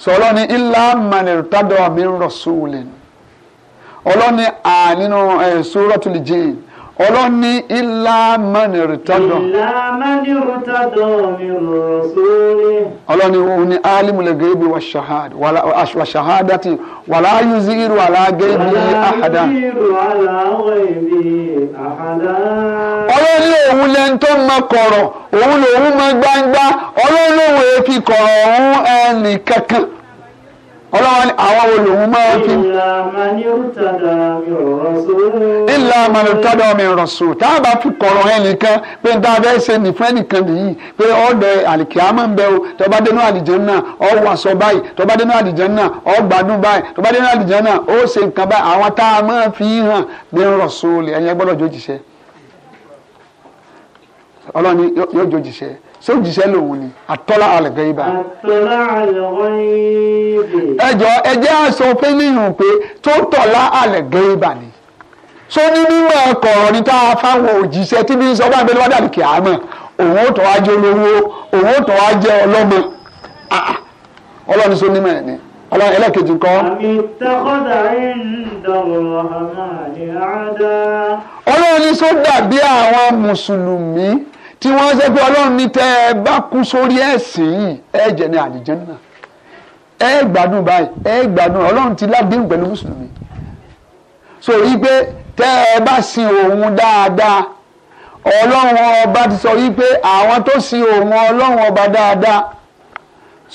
sọ̀rọ̀ ni ilá mànìrìtàdọ̀ mi rọ̀ sóòlẹ̀ ọlọ́ni à nínú suratul jinn ọlọ́run ní ilá mánìrìtọ́dọ̀. ilá mánìrìtọ́dọ̀ mi rọ̀ sórí. ọlọ́run ní òun ni alimule gèébi wa shahada wa shahada ti wàlá yuziru wàlá gèébi ahada. wàlá yuziru wàlá gèébi ahada. ọlọ́run ní òun lẹ́ni tó mọ kọ̀rọ̀ òun lòun mọ gbangba ọlọ́run lòun èéfi kọ̀rọ̀ òun ẹnì kankan ọlọ́wọ́n àwọn olùhùn máa fi. ìlà àmàlù tọ́dọ̀ mi rọ̀sùn tá a bá fi kọ̀rọ̀ ẹ nìkan pé n ta fẹ́ ṣe nìfẹ́ nìkan nìyí pé ọ̀dẹ àlìkìámọ̀ ń bẹ o tó bá dénú àlìjánnà ó wọ aṣọ báyìí tó bá dénú àlìjánnà ó gbádùn báyìí tó bá dénú àlìjánnà ó ṣe nǹkan báyìí àwọn tá a máa fi hàn ní rọ̀sùn ẹ̀yìn ẹgbọ́dọ̀ jójìṣẹ́ ọlọ́ni yóò jójìṣẹ́ sójìṣẹ́ lòun ni àtọ́lá àlẹ́gẹ́ ibà. àtọ́lá àlẹ́gẹ́ ibà. ẹjọ ẹjẹ àṣọ pé níyùn pé tó tọ̀lá àlẹ́gẹ́ ibà ni. só ní mímọ̀ ẹ̀kọ́rọ̀ ní tá a fáwọn òjìṣẹ́ tí bí sọ bá ń bẹ lọ́wọ́ dàbí kìámọ̀ òun ó tọ́ wá jẹ́ olówó òun ó tọ́ wá jẹ́ ọlọ́mọ. Ah, ah. ọlọ́run sọ nímọ̀ ẹ̀ ni ọlọ́run ẹlẹ́kejì ń kọ́. àmì tẹ́kọ̀dà ìdánwò ọlọ́run ní tí wọ́n ṣe pé ọlọ́run ní tẹ́ ẹ bá kú sórí ẹ̀sìn yìí ẹ jẹ́ ní àlìjẹ́nà ẹ gbádùn báyìí ẹ gbádùn ọlọ́run ti ládéhùn pẹ̀lú mùsùlùmí so yí pé tẹ́ ẹ bá sin òun dáadáa ọlọ́run ọba ti sọ yí pé àwọn tó sin òun ọlọ́run ọba dáadáa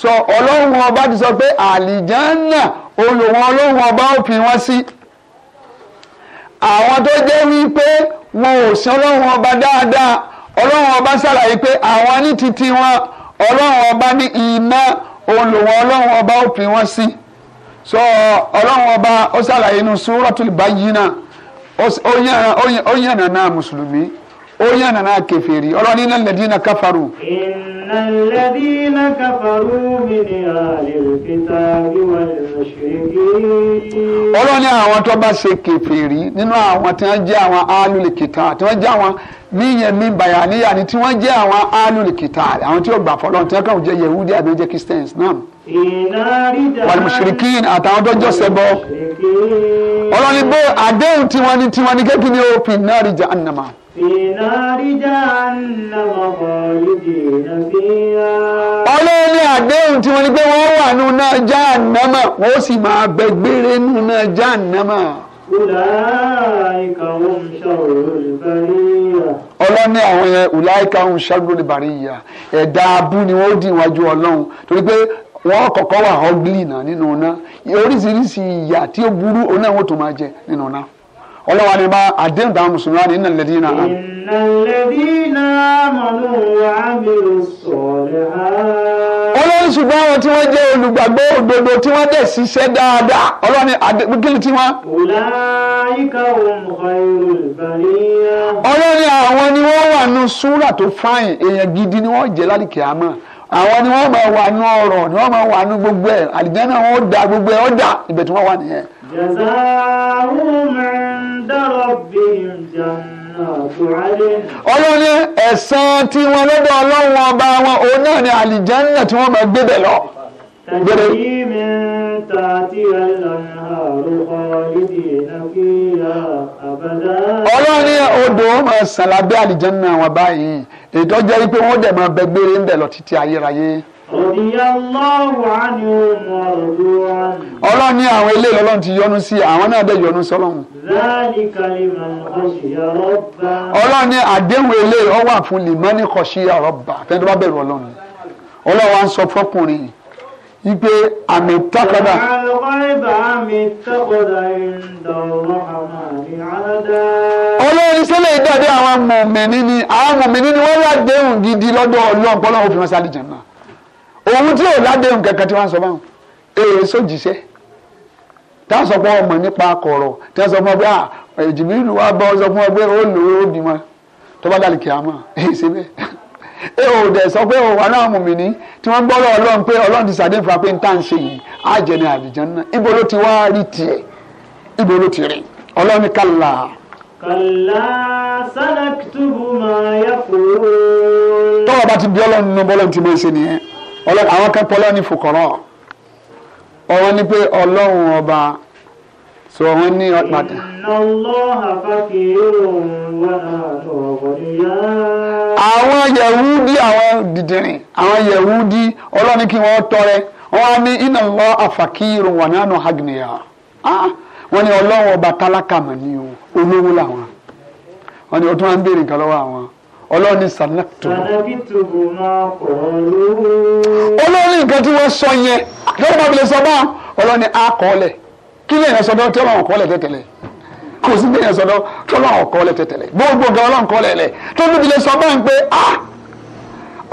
so ọlọ́run ọba ti sọ pé àlìjẹ́nà olùwọ̀n ọlọ́run ọba ó fi wọ́n sí àwọn tó jẹ́ wí pé wọn ò sin ọlọ́run ọba dáadáa ọlọ́run ọba ṣàlàyé pé àwọn ní titi wọn ọlọ́run ọba ní iná olùwọ̀n ọlọ́run ọba ó pín wọn sí so ọlọ́run ọba ó ṣàlàyé inú Suratul Bayyina ó yànnà náà mùsùlùmí ó yànnà náà kèfèrí ọlọ́run innal ladina kafaru. innal ladina kafaru min ahlil kitabi wal mushrikin. ọlọ́run ní àwọn tó bá ṣe kèfèrí nínú àwọn tí wọ́n kitab tí wọ́n níyẹn ní bayaniya ni tí wọ́n jẹ́ àwọn alùlùkìtàrí àwọn tí ó gbà fọlọ́n tí wọ́n kàn jẹ́ yehudi àbí jẹ́ christians náà. wal mushrikin àtàwọn tó jọ́sẹ̀ bọ́. ọlọ́ni bó àdéhùn tiwọn ni tiwọn ni kékin ni ó fi náà rí jahannama. ọlọ́ni àdéhùn tiwọn ni pé wọ́n wà nù náà jahannama wọ́n sì máa bẹ gbére nù náà jahannama. ọlọ́ni àwọn yẹn ń ṣàgbọ́n ẹ̀dá abú ni wọ́n dì iwájú ọlọ́run torí pé wọ́n kọ́kọ́ wà ọ́gbìlì náà nínú iná oríṣiríṣi ìyà tí ó burú òun náà tó máa jẹ nínú iná ọlọ́wà ni bá àdéhùn táwọn mùsùlùmí ní ìnà ọlọ́run ṣùgbọ́n àwọn tí wọ́n jẹ́ olùgbàgbọ́ òdodo tí wọ́n dẹ̀ ṣiṣẹ́ dáadáa ọlọ́run àdébùkìlì tí wọ́n. ọlọ́run àwọn ni wọ́n wà nù súrà tó fáyìn èèyàn gidi ni wọ́n jẹ́ lálìkẹ́ àmọ́ àwọn ni wọ́n máa wà nù ọ̀rọ̀ ni wọ́n máa wà nù gbogbo ẹ̀ àlìjánnà wọn ó da gbogbo ẹ̀ ó da ibẹ̀ tí wọ́n wà nìyẹn. jazā'uhum ọlọ́run ní ẹ̀san tí wọ́n lọ́dọ̀ ọlọ́run ọba wọn òun náà ni àlìjánná tí wọ́n máa gbé bẹ̀ lọ. ọlọ́run ní odò máa sàn lábẹ́ àlìjánná wọn báyìí ètò jẹ́ pé wọ́n dẹ̀ máa bẹ gbére ń bẹ̀ lọ títí ayérayé ọlọ́run ní àwọn ilé ọlọ́run ti yọ́nú sí àwọn náà dẹ̀ yọ́nú sọ́lọ́run. ọlọ́run ní àdéhùn ilé ọ wà fún limani kọ̀ṣíyà rọ́bà fẹ́ni tó bá bẹ̀rù ọlọ́run ọlọ́run wa ń sọ fọkùnrin yìí ipe àmì takada. olórí sẹ́lẹ̀ ìdádé àwọn mọ̀mìnì ni àwọn mọ̀mìnì ni wọ́n rà déhùn gidi lọ́dọ̀ ọlọ́run pọ́lọ́run òfin wọn sálì náà òun tí yóò ládéhùn kankan tí wọ́n sọ báwọn èyí sójìṣẹ́ tá a sọ fún ọmọ nípa kọ̀rọ̀ tí wọ́n sọ fún ọ pé à ah, Jìbìrìlù wá bọ́ sọ fún ọ pé ó lòó ó bímọ tó bá dàlí kìámà èyí ṣe bẹ́ẹ̀ ẹ ò dẹ̀ sọ pé ò wàrà àwọn mùmìnì tí wọ́n gbọ́rọ̀ ọlọ́run pé ọlọ́run ti sàdé fún pé n tá à ṣe yìí á jẹ ní àbíjá náà ibo ló ti wá rí tiẹ̀ ibo ló ti rí ọlọ́run ní kàlá. kàlá sálàkìtùbù máa yẹ kúrò. tọ́wọ́ bá ti bí ọlọ́run nínú bọ́lọ́run ti bó ṣe nìyẹn. àwọn kan pọlọ ní fòkọrọ ọ̀rọ̀ ni pé Ọlọ́run ọba sọ wọn ní ọpadà. àwọn yẹ̀wúdí àwọn dìdìrìn àwọn yẹ̀wúdí ọlọ́ni kí wọ́n tọrẹ wọ́n ní iná lọ àfàkìrò wọn nánú hagniya ah, wọ́n ní Ọlọ́run ọba tálákà mọ̀ ní o olówó làwọn wọ́n ní o tún wá ń béèrè nǹkan lọ́wọ́ àwọn. ọlọ́ọ̀ni sànàkìtò. sànàkìtò máa kọ̀ ọ́. olórí nǹkan tí wọ́n sọ yẹn lọ́wọ́ bá bilẹ̀ sọ bá ọlọ́ọ̀ni àkọọ́lẹ̀ kí lè yẹn sọdọ́ tí ọlọ́run kọ́ọ́lẹ̀ tẹ̀tẹ̀lẹ̀ kò sí lè yẹn sọdọ́ tí ọlọ́run kọ́ọ́lẹ̀ tẹ̀tẹ̀lẹ̀ gbogbo gan ọlọ́run kọ́ọ́lẹ̀ lẹ̀ tó bí bilẹ̀ sọ bá ń pé ah, a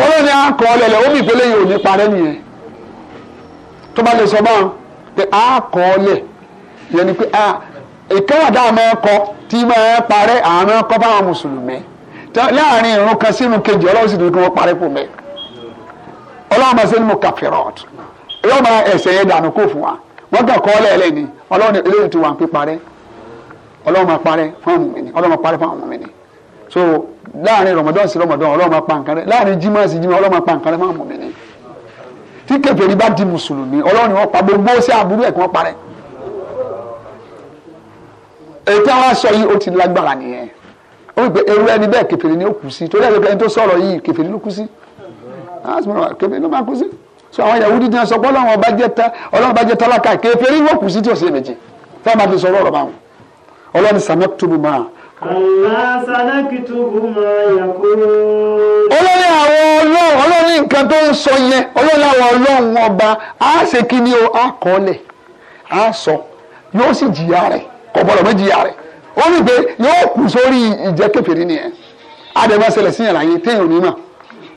ọlọ́ọ̀ni àkọọ́lẹ̀ lẹ̀ omi ìpele yìí ò ní parẹ́ nìyẹn tó bá lè sọ bá pé àkọọ́lẹ̀ yẹn ni pé ah, a ìkẹ́wàdà máa kọ tí máa parẹ́ àwọn máa kọ báwọn mùsùlùmí láàrin ìrun kan sínú kejì ọlọ́run sì dúró kí wọ́n parí kù mẹ́ ọlọ́run máa ṣe ni mo kà fẹ́rọ̀t yóò máa ẹ̀sẹ̀ yẹn dànù kó fún wa wọ́n kà kọ́ lẹ́ẹ̀lẹ́ ni ọlọ́run eléyìí ti wà ń pín parẹ́ ọlọ́run máa parẹ́ fún àwọn mọ̀mìnì ọlọ́run máa parẹ́ fún àwọn mọ̀mìnì so láàrin rọmọdọ́n sí rọmọdọ́n ọlọ́run máa pa nǹkan rẹ láàrin jimá sí jimá ọlọ́run máa pa nǹkan rẹ fún àwọn mọ̀mìnì tí kèfèrí bá di mùsùlùmí ọlọ́run ni wọ́n pa gbogbo sí àbúrú ẹ̀ kí wọ́n parẹ́ ètò àwọn aṣọ yìí ó ti lágbára nìyẹn ó wípé ewu ẹni bẹ́ẹ̀ kèfèrí ni ó kù sí torí ẹ̀rọ ẹni tó sọ̀rọ̀ yìí kèfèrí ló kù sí ah, kèfèrí ló máa kù sí so àwọn Yahudi dídí náà sọ pé ọlọ́run ọba jẹ́ tá ọlọ́run ọba jẹ́ tálákà kèfèrí ló kù sí tí ò sí èméjì tí wọ́n bá fi sọ̀rọ̀ ọ̀rọ̀ báwọn ọlọ́run sàmẹ́ tóbi máa. olórí àwọn ọlọ́run olórí nǹkan tó ń sọ yẹn olórí àwọn ọlọ́run ọba á ṣe kí ni o á kọ́ lẹ̀ á sọ yóò sì jìyà ó rí i pé yóò kù sórí ìjẹ́ kèfèrí nìyẹn àdèmọ̀ ṣẹlẹ̀ sí yàrá yẹn téèyàn onímọ̀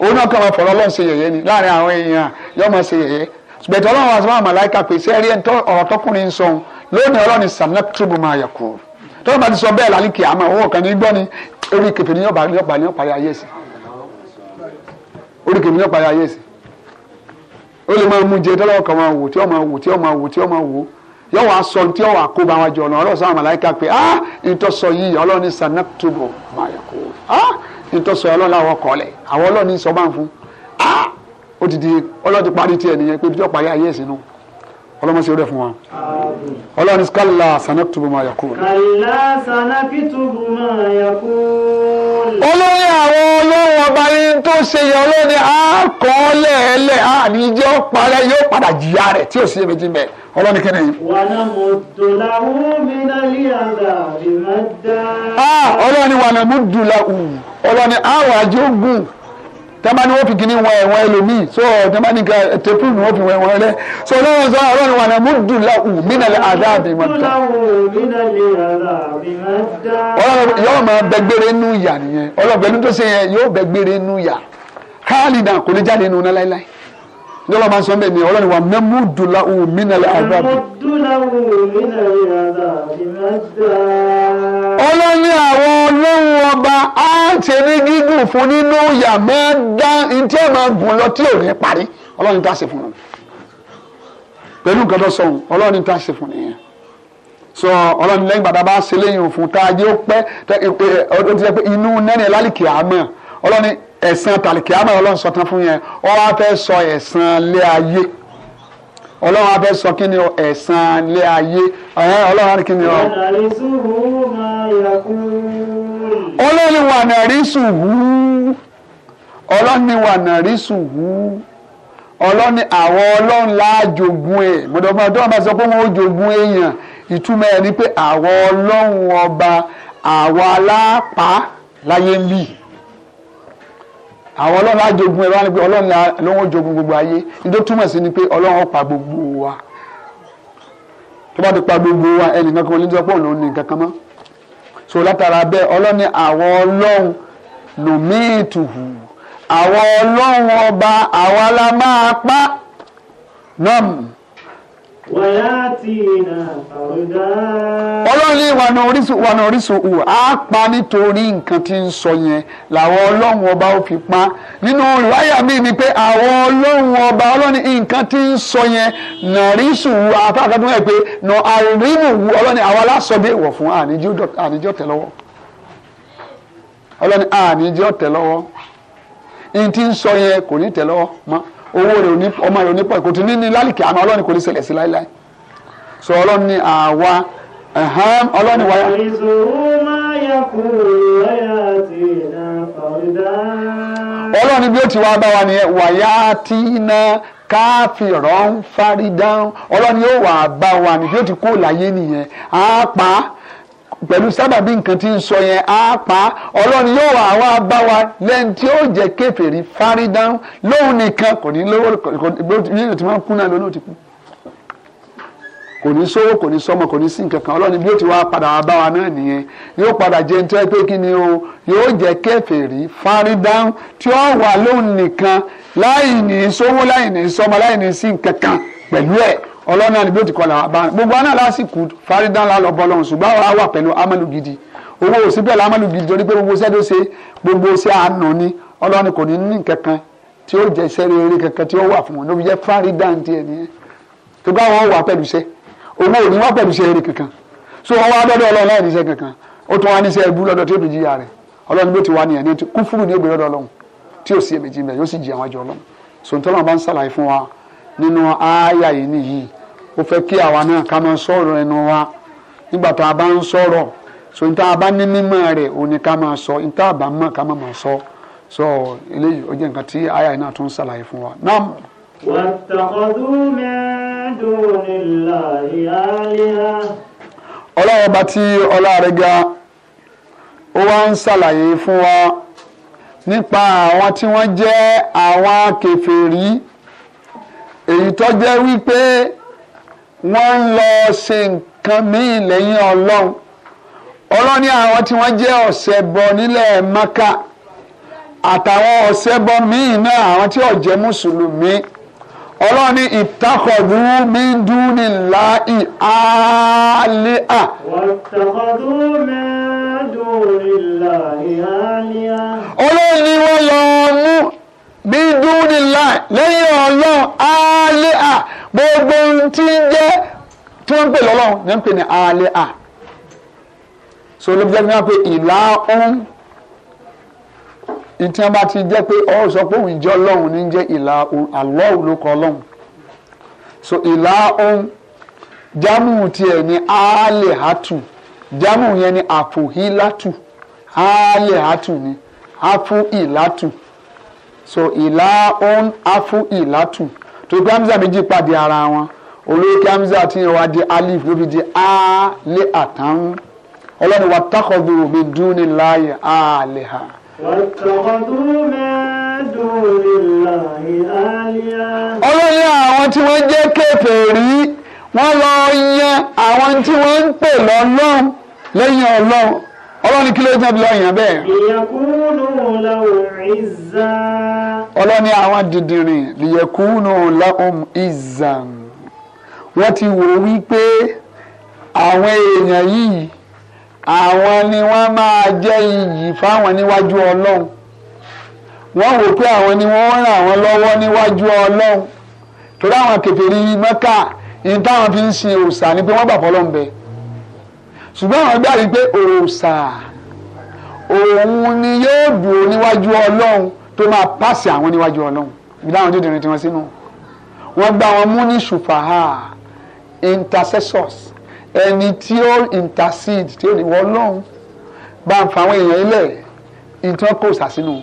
òun náà kàn máa fọ̀rọ̀ Ọlọ́run ṣe yẹ̀yẹ́ ni láàrin àwọn èèyàn yóò máa ṣe yẹ̀yẹ́ bẹ̀tẹ̀ Ọlọ́run àti máa màláìka pé sẹ́ẹ̀rí ọ̀rọ̀ tọkùnrin ń sọ lónìí Ọlọ́run sàmúlẹ̀ túbù máa yẹ kú tó bá ti sọ bẹ́ẹ̀ lálẹ́ kì í àmọ́ owó kan ní gbọ́ ni orí kèfèrí yóò parí ayé sí orí kèfèrí yóò parí ayé sí ó lè máa mú jẹ tọ́lọ́wọ́ kan máa wò tí ó máa wò tí ó máa wò tí ó máa wò yóò wá sọ tí yóò wá kó jọ ọ̀nà ọlọ́run sáwọn màláìka pé ah ìtọ́sọ yìí ọlọ́run ní tubu mayako ah ìtọ́sọ yìí ọlọ́run làwọn kọ́lẹ̀ àwọn ọlọ́run ní sọ fún ah ó ti di ọlọ́run ti parí tiẹ̀ nìyẹn pé bí yóò parí ayé ẹ̀sìn nù ọlọ́mọ sí orí ẹ̀ fún wa ọlọ́run ní kálá sanatubu mayako. kálá sanatubu mayako. olórí àwọn olóhùn ọba yín tó ṣe yẹ olórí àkọọ́lẹ̀ ẹlẹ́ àníjọ́ parẹ́ yóò padà jìyà rẹ̀ tí ò ọlọ́ni kí ni. wàlá mo dùlà ọlọ́ni wàlá mo dùlà wù ọlọ́ni àwọn àjọgùn tẹ́mbà ni wọ́n fi kìíní wọn ẹ̀wọ̀n ẹlòmíì so tẹ́mbà ni tẹ́pù ni wọ́n fi wọn ẹ̀wọ̀n ẹlẹ́ so ọlọ́run sọ ọlọ́run wà náà múdùlá ù mínà lè àdáàbì mọ̀ tá. ọlọ́run yóò máa bẹgbére nù yà nìyẹn ọlọ́run pẹ̀lú tó ṣe yẹn yóò bẹgbére nù yà káàlì náà kò lè jáde nù náà láéláé ní ọlọ́run máa ń sọ bẹ́ẹ̀ ni ọlọ́run wa mẹ́mú dùlá òun mí nàlẹ́ àdáàbì. ọlọ́run ní àwọn ọlọ́run ọba á ṣe ní gígùn fún nínú ìyà máa dá ntí ẹ̀ máa gùn lọ tí ò ní parí ọlọ́run tá a ṣe fún un pẹ̀lú nǹkan tó sọ̀hún ọlọ́run tá a ṣe fún nìyẹn sọ ọlọ́run lẹ́yìn bàbá bá ṣe léyìn òfun tá a yé ó pẹ́ ó ti sẹ́ pé inú nẹ́rìn lálìkì àmọ́ ọlọ́run ẹ̀san tàlìkì àmọ́ ọlọ́run sọ tán fún yẹn ó wá fẹ́ sọ ẹ̀san lé ayé ọlọ́run á fẹ́ sọ kí ni ẹ̀san lé ayé ọlọ́run á ní kí ni ọ. ọlọ́run wà nàrí sùhú ọlọ́run wà nàrí sùhú ọlọ́run ní àwọn ọlọ́run láàjogún ẹ̀ mọ̀dọ́mọdọ́ máa sọ pé wọ́n ó jogún èèyàn ìtumọ̀ ẹ̀ ni pé àwọn ọlọ́run ọba àwọn alápá láyé ń bì í àwọn ọlọ́run á jogun ẹ wá ní pé ọlọ́run ló ń jogun gbogbo ayé nítorí túmọ̀ sí ni pé ọlọ́run ó pa gbogbo wa tó bá ti pa gbogbo wa ẹnì kankan wọn ní sọ pé òun ní nǹkan kan mọ́ so látara bẹ́ẹ̀ ọlọ́ni àwọn ọlọ́run nùmíìtùhù àwọn ọlọ́run ọba àwa la náà. ọlọ́run ní ìwànà orísun ìwànà orísun á pa nítorí nǹkan tí ń sọ yẹn làwọn ọlọ́run ọba ó fi pa nínú ìwáyà mi ni pé àwọn ọlọ́run ọba ọlọ́run nǹkan tí ń sọ yẹn nàrísù hù afáàkàtú pé nà wọ̀ fún àníjọ́ owó rẹ̀ òní ọmọ rẹ̀ òní pọ̀ kò tún ní ní lálìkẹ́ àmọ́ ọlọ́run kò ní ṣẹlẹ̀ sí láíláí so ọlọ́run ní àwa ẹ̀hán ọlọ́run wáyà. ọlọ́run bí ó ti wá bá wa nìyẹn wàyà tí iná káfíìrọ̀ ń fárídán ọlọ́run yóò wà bá wa nìyẹn bí ó ti kó láyé nìyẹn àápàá pẹ̀lú sábàbí nǹkan tí ń sọ yẹn á pa ọlọ́run yóò wá bá wa lẹ́yìn tí ó jẹ́ kèfèrí fárídán lóhun nìkan kò ní lówó nínú tí wọ́n kú náà lónìí ti kú kò ní sówó kò ní sọmọ kò ní sí nǹkan kan ọlọ́run bí ó ti wá padà wá bá wa náà nìyẹn yóò padà jẹ́ nítorí pé kí ni o yóò jẹ́ kèfèrí fárídán tí ó wà lóhun nìkan láì ní sówó láì ní sọmọ láì ní sí nǹkan kan pẹ̀lú ẹ̀ ọlọ́run ni bí ó ti kọ́ làwọn bá gbogbo aná lásìkò faridan lálọ́ bọ́ lọ́run ṣùgbọ́n àwọn wà pẹ̀lú amẹ́lu gidi owó òsì pẹ̀lú amẹ́lu gidi torí pé gbogbo iṣẹ́ tó ṣe gbogbo iṣẹ́ àánú ni ọlọ́run kò ní ní kankan tí ó jẹ́ iṣẹ́ rere kankan tí ó wà fún wọn ló fi jẹ́ faridan tiẹ̀ nìyẹn tó bá wọn wà pẹ̀lú iṣẹ́ owó òní wà pẹ̀lú iṣẹ́ rere kankan so wọn wá lọ́dọ̀ ọlọ́run láì níṣẹ́ kankan ó tún wá níṣẹ́ ẹbú lọ́dọ̀ tí ó dùn jíyà rẹ̀ ọlọ́run ló ti wá nìyẹn ní kúfúrú ní ògbé so ntọ́lọ́run bá ń sàlàyé wa nínú ááyà yìí nìyí ó fẹ́ kí àwa náà ká máa sọ̀rọ̀ ẹnu wa nígbà tá a bá ń sọ̀rọ̀ so níta a bá ní mímọ̀ rẹ̀ òun ni ká máa sọ níta a bá mọ̀ ká máa sọ so eléyìí ó jẹ́ nǹkan tí ááyà yìí náà tún ṣàlàyé fún wa. Naam. واتخذوا tí ọlá ga ó wá ń ṣàlàyé fún wa nípa àwọn tí wọ́n jẹ́ àwọn kèfèrí èyí tó jẹ́ wípé wọ́n ń lọ ṣe nǹkan míì lẹ́yìn ọlọ́run ọlọ́run ní àwọn tí wọ́n jẹ́ ọ̀ṣẹbọ nílẹ̀ maka àtàwọn ọ̀ṣẹbọ míì náà àwọn tí ó jẹ́ mùsùlùmí ọlọ́run ní ìtàkọ̀dù mi ń dún ní láì àlẹ́ à. wọ́n tàkọ̀dù mi ń dún ní láì àlẹ́ à. olóyìn ni wọ́n lọ mú bí dúdìlá lẹ́yìn ọlọ́run alẹ́ à gbogbo tí ń jẹ́ tí wọ́n ń pè lọ́lọ́run ní ń pè ní alẹ́ à so ló jẹ́ níwọ̀n pé ìlà ọ̀hún ìtí wọn bá ti jẹ́ pé ọ̀ sọ pé òun ìjọ ọlọ́run ní jẹ́ ìlà ọ̀hún àlọ́ọ̀hún ló kọ ọlọ́run so ìlà ọ̀hún jámù tiẹ̀ ní alẹ́ àtù jámù yẹn ní àpòhílátù alẹ́ àtù ní àpòhílátù so ìlà òun afu ìlà tù tó gbé hamza méjì pàdé ara wọn olóyè kí hamza ti yàn wá di alif ló fi di alẹ́ àtàn ọlọ́ni wa takọ̀dù mi dùn ní láàyè alẹ́ ha. wàtàkọ̀dù mi dùn ní àwọn tí wọ́n jẹ́ kèfèrí wọ́n lọ yan àwọn tí wọ́n ń pè lọ́lọ́run lẹ́yìn ọlọ́run ọlọ́ni kí ló gbọ́n bí ọ̀yàn bẹ́ẹ̀. lìyẹ̀kúnù lọ́hùn ìzà. ọlọ́ni àwọn dìndìnrín lìyẹ̀kúnù lọ́hùn ìzà. wọ́n ti wò wípé àwọn èèyàn yìí àwọn ni wọ́n máa jẹ́ iyì fáwọn níwájú ọlọ́run. wọ́n wò pé àwọn ni wọ́n ràn àwọn lọ́wọ́ níwájú ọlọ́run. torí àwọn kèfèrí Mẹ́kà ní táwọn fi ń sin òòṣà ni pé wọ́n gbà fọlọ́run bẹ́ẹ̀ ṣùgbọ́n àwọn gbà wípé òòṣà òun ni yóò dúró níwájú ọlọ́run tó máa pàṣẹ àwọn níwájú ọlọ́run ibi láwọn dídì tiwọn sínú wọ́n gbà wọn mú ní ṣùfàhà intercessors ẹni tí ó intercede tí ó ní wọ́n lọ́hùn bá ń fa àwọn èèyàn ilẹ̀ ìtàn kò sàsínú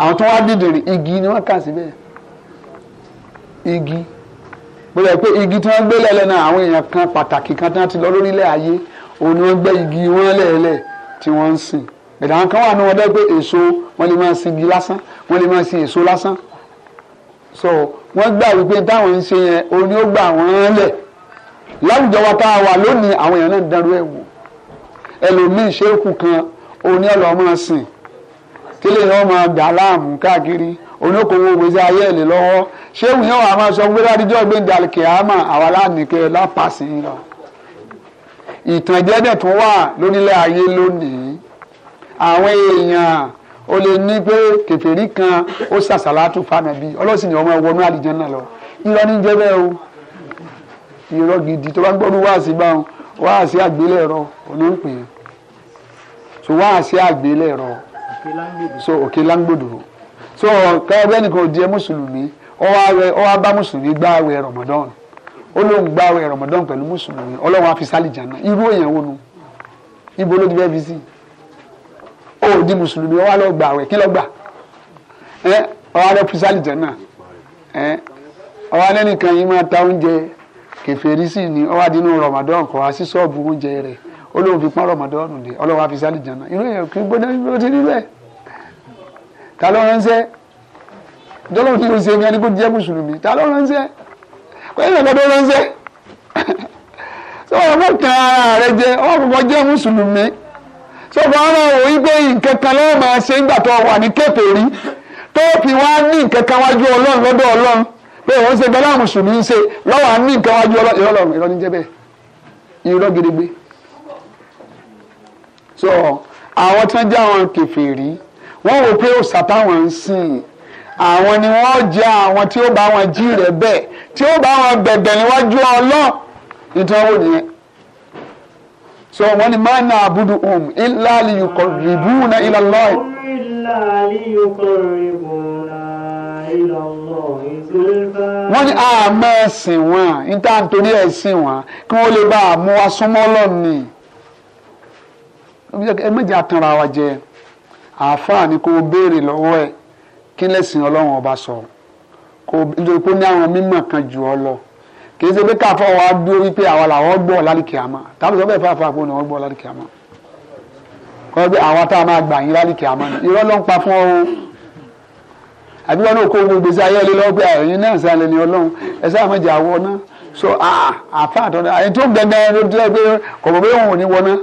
àwọn tó wá dídì igi ni wọ́n kà síbẹ̀ igi bó pé igi tí wọ́n gbé lẹ́lẹ́ náà àwọn èèyàn kan pàtàkì kan tí wọ́n ti lọ lórílẹ̀ ayé òun ni wọ́n gbẹ́ igi wọ́n lẹ́ẹ̀lẹ́ tí wọ́n ń sìn bẹ̀rẹ̀ àwọn kan wà ní wọn dẹ́ pé èso wọn lè máa sin igi lásán wọn lè máa sin èso lásán so wọ́n gbà wípé táwọn ń ṣe yẹn òun ni ó gbà wọ́n lẹ̀ láwùjọ wa tá a wà lónìí àwọn èèyàn náà dẹrù ẹ̀ wò ẹlòmíì ṣéèkù kan òun ni ọlọ́ọ̀ máa sìn kílè yẹn wọ́n máa dà láàmú káàkiri oníkòwò ògbésí ayé ẹ̀ lè lọ́wọ́ ṣéèkù yẹn wà máa sọ pé ládìjọ́ gbé àmà àwa láàníkẹ́ lápá sí i lọ ìtànjẹ́ dẹ̀ tún wà lórílẹ̀ ayé lónìí àwọn èèyàn o lè ní pé kèfèrí kan ó ṣàṣàlátù fànàbí ọlọ́sìn ni ọmọ ẹ̀wọ̀nú àlìjẹ́nà lọ irọ́ ní jẹ́ bẹ́ẹ̀ o irọ́ gidi tó bá gbọ́dọ̀ wáàsí báwọn wáàsí àgbélẹ̀rọ olóńpè so wáàsí àgbélẹ̀rọ so òkè láńgbòdò so kẹ́ẹ́bẹ́nìkan ò di ẹ́ mùsùlùmí ó wá bá mùsùlùmí gbáwé Ramadan ó lóun gba àwẹ̀ Ramadan pẹ̀lú mùsùlùmí ọlọ́run àfi jana jàǹdà irú èèyàn wo nu ibo ló ti fẹ́ fi sí ó di mùsùlùmí ó wá lọ gba àwẹ̀ kí lọ gbà ẹ ọwọ́ lọ fi sálì ẹ ọwọ́ anẹ́nìkan yìí máa ta oúnjẹ kẹfẹ́rí sí ni ọwọ́ adínú Ramadan kọ̀ wá sí ṣọ́ọ̀bù oúnjẹ rẹ̀ olóhùn fi pọ́n Ramadan lè ọlọ́run àfi sálì jàǹdà irú èèyàn kì í gbọ́dọ̀ ló ti rí bẹ́ẹ̀ ta ló ránṣẹ́ pẹ̀lú ẹ̀ka tó ránṣẹ́ sọ wọn fún kan ara rẹ jẹ wọn kọ́kọ́ jẹ́ mùsùlùmí sọ fún ara rẹ wòye pé nǹkan kan lọ́wọ́ máa ṣe nígbà tó wà ní kèfèrí tó fi wá ní nǹkan kan wájú ọlọ́run lọ́dọ̀ ọlọ́run pé òun ṣe bẹ́lá mùsùlùmí ń ṣe lọ́wọ́ ní nǹkan wájú ọlọ́run irọ́ ní jẹ́ bẹ́ẹ̀ irọ́ gidigbe so àwọn tí wọ́n jẹ́ àwọn kèfèrí wọ́n wò pé òòṣà táwọn ń sìn àwọn ni wọ́n jẹ́ àwọn tí ó bá wọn jí rẹ̀ bẹ́ẹ̀ tí ó bá wọn bẹ̀bẹ̀ níwájú ọlọ́ọ̀ nítorí wọ́n nìyẹn so wọ́n ní máa na àbúdù um ilá liyukọ̀ rìbú na ilà lọ́ọ̀. wọ́n ní àmọ́ ẹ̀sìn wọn níta nítorí ẹ̀sìn wọn kí wọ́n lè bá àmú wa súnmọ́ lọ́ọ̀nì. ẹ méjì àtàrà wa jẹ àáfàá ni kò béèrè lọ́wọ́ ẹ̀ kí lẹ́sìn ọlọ́run ọba sọ kò nítorí pé ó ní àwọn mímọ̀ kan jù ọ lọ kì í ṣe pé káfọ́ wa dúró wípé àwa làwọn gbọ́ lálìkì àmọ́ tàbí sọ bẹ́ẹ̀ fáfá pé òun gbọ́ lálìkì àmọ́ kọ́ pé àwa tá a máa gbà yín lálìkì àmọ́ ni irọ́ ló ń pa fún ọ àbí wọn kó gbogbo gbèsè ayé ẹlẹ́lẹ́ ọgbẹ́ ẹ̀yin náà sálẹ̀ ní ọlọ́run ẹ sáà wọ náà so àfa àtọ́nà ẹni tó gbẹ̀ngàn ẹni tó gbẹ kò mọ̀ bẹ́ẹ̀ wọn ò ní wọ náà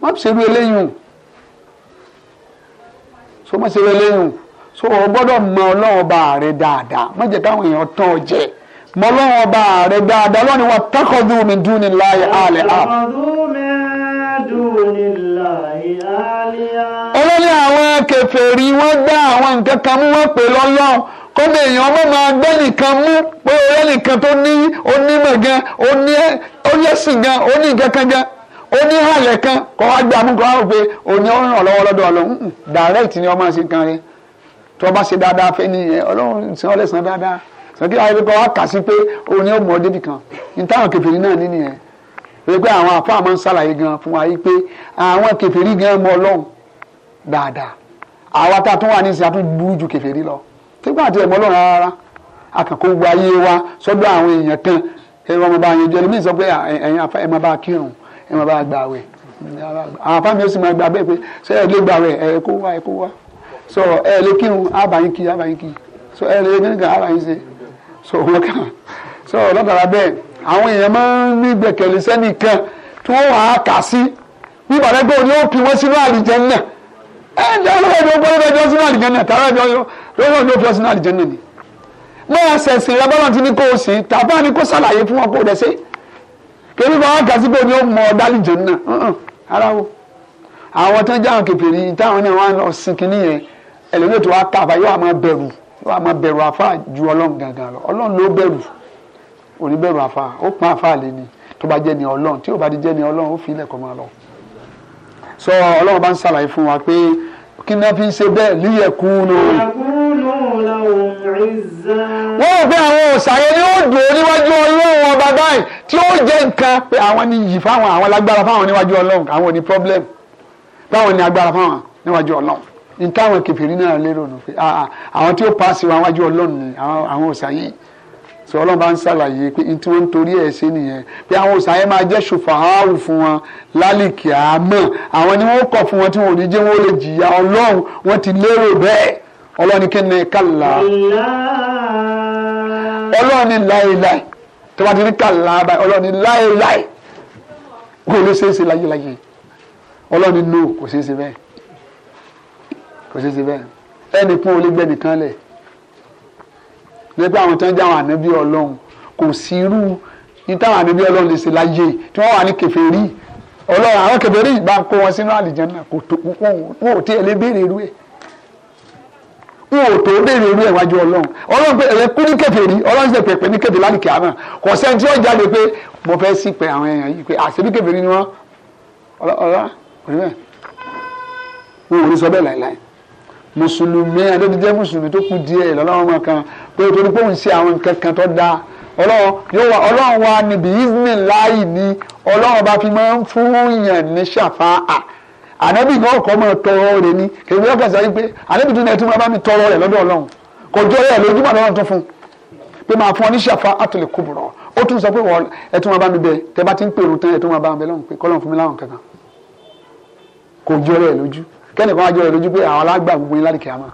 má ṣerú eléyìí so má ṣerú eléyìí so o gbọ́dọ̀ mọ Ọlọ́run ọba rẹ dáadáa má jẹ́ káwọn èèyàn tán ọ jẹ mọ Ọlọ́run ọba rẹ dáadáa Ọlọ́run ni wọn takọdú mi dún ní láàyè àlẹ àp. olórí àwọn kèfèrí wọ́n dá àwọn nǹkan kan mú wọn pè lọ́lọ́run kọ́mọ èèyàn ọmọ máa gbẹ́ nìkan mú pé ọ̀rẹ́ nìkan tó ní onímọ̀ gan oníẹ̀sìn gan oníǹkan kan gan oníhàlẹ̀ kan kọ́ wá gbé amúkọ́ wá wò pé òní ọ̀ràn lọ́wọ́ lọ́dọ̀ ọ̀lọ́ direct ni ọmọ ṣe kan rẹ̀ tó bá ṣe dáadáa fẹ́ nìyẹn ọlọ́run sàn ọ́ lẹ́sàn dáadáa sàn kí ayélujára wa kà sí pé òun ni ó mọ̀ ọ́ débì kan nítawọn kèfèrí náà ní nìyẹn rẹ pé àwọn àfáà máa ń ṣàlàyé gan fún wa yìí pé àwọn kèfèrí gan mọ̀ ọlọ́run dáadáa àwa tá a tún wà ní ìsìn àtún burú ju kèfèrí lọ sígbà àti ẹ̀mọ́ ọlọ́run rárá akàkọ́ gbogbo ayé wa sọ́dọ̀ àwọn èèyàn kan ẹ̀rọ ọmọ bá yẹn jẹ́ ẹ̀mí sọ pé ẹ̀yin afá ẹ̀ máa bá kírun ẹ̀ máa bá gbààwẹ̀ àwọn afá mi ó sì máa gbà bẹ́ẹ̀ pé ṣé ẹ̀ lè gbààwẹ̀ ẹ̀ kó wá ẹ̀ kó wá so ẹ lè kírun abayin kí abayin kí so ẹ lè kírun kan abayin ṣe so wọn kàn so lọ́dàrà bẹ́ẹ̀ àwọn èèyàn máa ń ní gbẹ̀kẹ̀lé sẹ́nìkan tí wọ́n wàá kà sí bí bàbá gbọ́ ni ó fi wọ́n sínú àlìjẹ́nà ẹ̀ ǹjẹ́ ọlọ́wọ́ ìjọba ọlọ́wọ́ ìjọba sínú àlìjẹ́nà tààrà ìjọba ọlọ́wọ́ ìjọba sínú àlìjẹ́nà ni máa ṣẹ̀sìn rẹ bọ́lá ti ní kó o sìn tàbá ni kó ṣàlàyé fún wọn kó o dẹ̀ ṣe kébí bá wọn kà sí pé ni ó mọ ọ̀dálì jẹ̀ náà ara wo àwọn tó ń jẹ́ àwọn kèfèrí táwọn náà wọn lọ sin yẹn ẹlòmíì tó wá ká àfa yóò máa bẹ̀rù yóò máa bẹ̀rù àfa ju ọlọ́run gangan lọ ọlọ́run ló bẹ̀rù òní bẹ̀rù àfa ó pọn àfa lé ni tó bá jẹ́ ni ọlọ́run tí ò bá ti jẹ́ ni ọlọ́run ó fi ilẹ̀ kọ́ máa lọ. sọ ọlọ́run bá ń ṣàlàyé fún wa pé kí ni wọ́n fi ń ṣe bẹ́ẹ̀ níyẹ̀kú ló. wọ́n rò pé àwọn òṣàyẹ yóò dùn níwájú ọlọ́run ọba báyìí tí ó jẹ́ nǹkan pé àwọn ni yìí fáwọn àwọn lágbára fáwọn níwájú ọlọ́run àwọn ò ní problem fáwọn ni agbára fáwọn níwájú ọlọ́run ní táwọn kẹfìrí náà lérò nù pé ah, ah, àwọn tí ó paasi wa wájú ọlọ́run ni àwọn òòsàn yìí sọ ọlọ́run bá ń ṣàlàyé pé n tí wọ́n ń torí ẹ̀ ṣe nìyẹn pé àwọn òòsàn yẹn máa jẹ́ ṣùfàáwù fún wọn lálìkì àmọ́ àwọn ni wọ́n kọ̀ fún wọn tí wọn ò ní jẹ́ wọn ó lè jìyà ọlọ́run wọ́n ti lérò bẹ́ẹ̀ ọlọ́run kí ni kàlá ọlọ́run ni láéláé tó bá ti ní kàlá báyìí ọlọ́run ni láéláé no kò ṣeé ṣe kò ṣeé ṣe bẹ́ẹ̀ ẹnìkan ò lè gbẹ nìkan lẹ̀ lẹ́gbẹ́ àwọn tó ń jẹ́ àwọn ànábì ọlọ́run kò sí irú nítawọn ànábì ọlọ́run lè ṣe láyé tí wọ́n wà ní kèfèrí ọlọ́run àwọn kèfèrí bá ń kó wọn sínú àlìjánná kò tó púpọ̀ wọn ò tí ẹ lè béèrè irú ẹ̀ wọn ò tó béèrè irú ẹ̀ wájú ọlọ́run ọlọ́run pé ẹ̀rẹ́ kú ní kèfèrí ọlọ́run ṣe pèpè ní kèfèrí láti kìámà kò sẹ́ni tí wọ́n jáde pé mo fẹ́ sí pé àwọn èèyàn yìí pé àṣebí kèfèrí ni wọ́n ọlọ́run kò ní bẹ́ẹ̀ wọn ò ní sọ bẹ́ẹ̀ láìláì mùsùlùmí àdóbi jẹ́ mùsùlùmí tó kù díẹ̀ lọ́lọ́run mọ̀ kan pé torí pé òun ṣe àwọn nǹkan kan tó dáa ọlọ́run yóò wá ọlọ́run wa níbi ìsìn láàyè ni ọlọ́run bá fi máa ń fún yàn ní ṣàfà à ànábì náà kọ́ máa tọrọ rẹ̀ ni kèmí ọkàn sọ wípé ànábì tó ní ẹtú máa bá mi tọrọ rẹ̀ lọ́dọ̀ ọlọ́run kò jọ rẹ̀ lójúmọ̀ lọ́run tó fún pé máa fún ọ ní ṣàfà àtòlè kúburọ̀ ó tún sọ pé wọ́n ẹtú máa bá mi bẹ tẹ bá ti ń pèrò tán ẹtú máa bá mi bẹ lọ́run pé kọ́lọ́run fún mi láwọn kankan kò jọ rẹ̀ lójú kẹ́nìkan wá jẹ́ rẹ̀ lójú pé àwọn alágbà gbogbo yín láti kìámà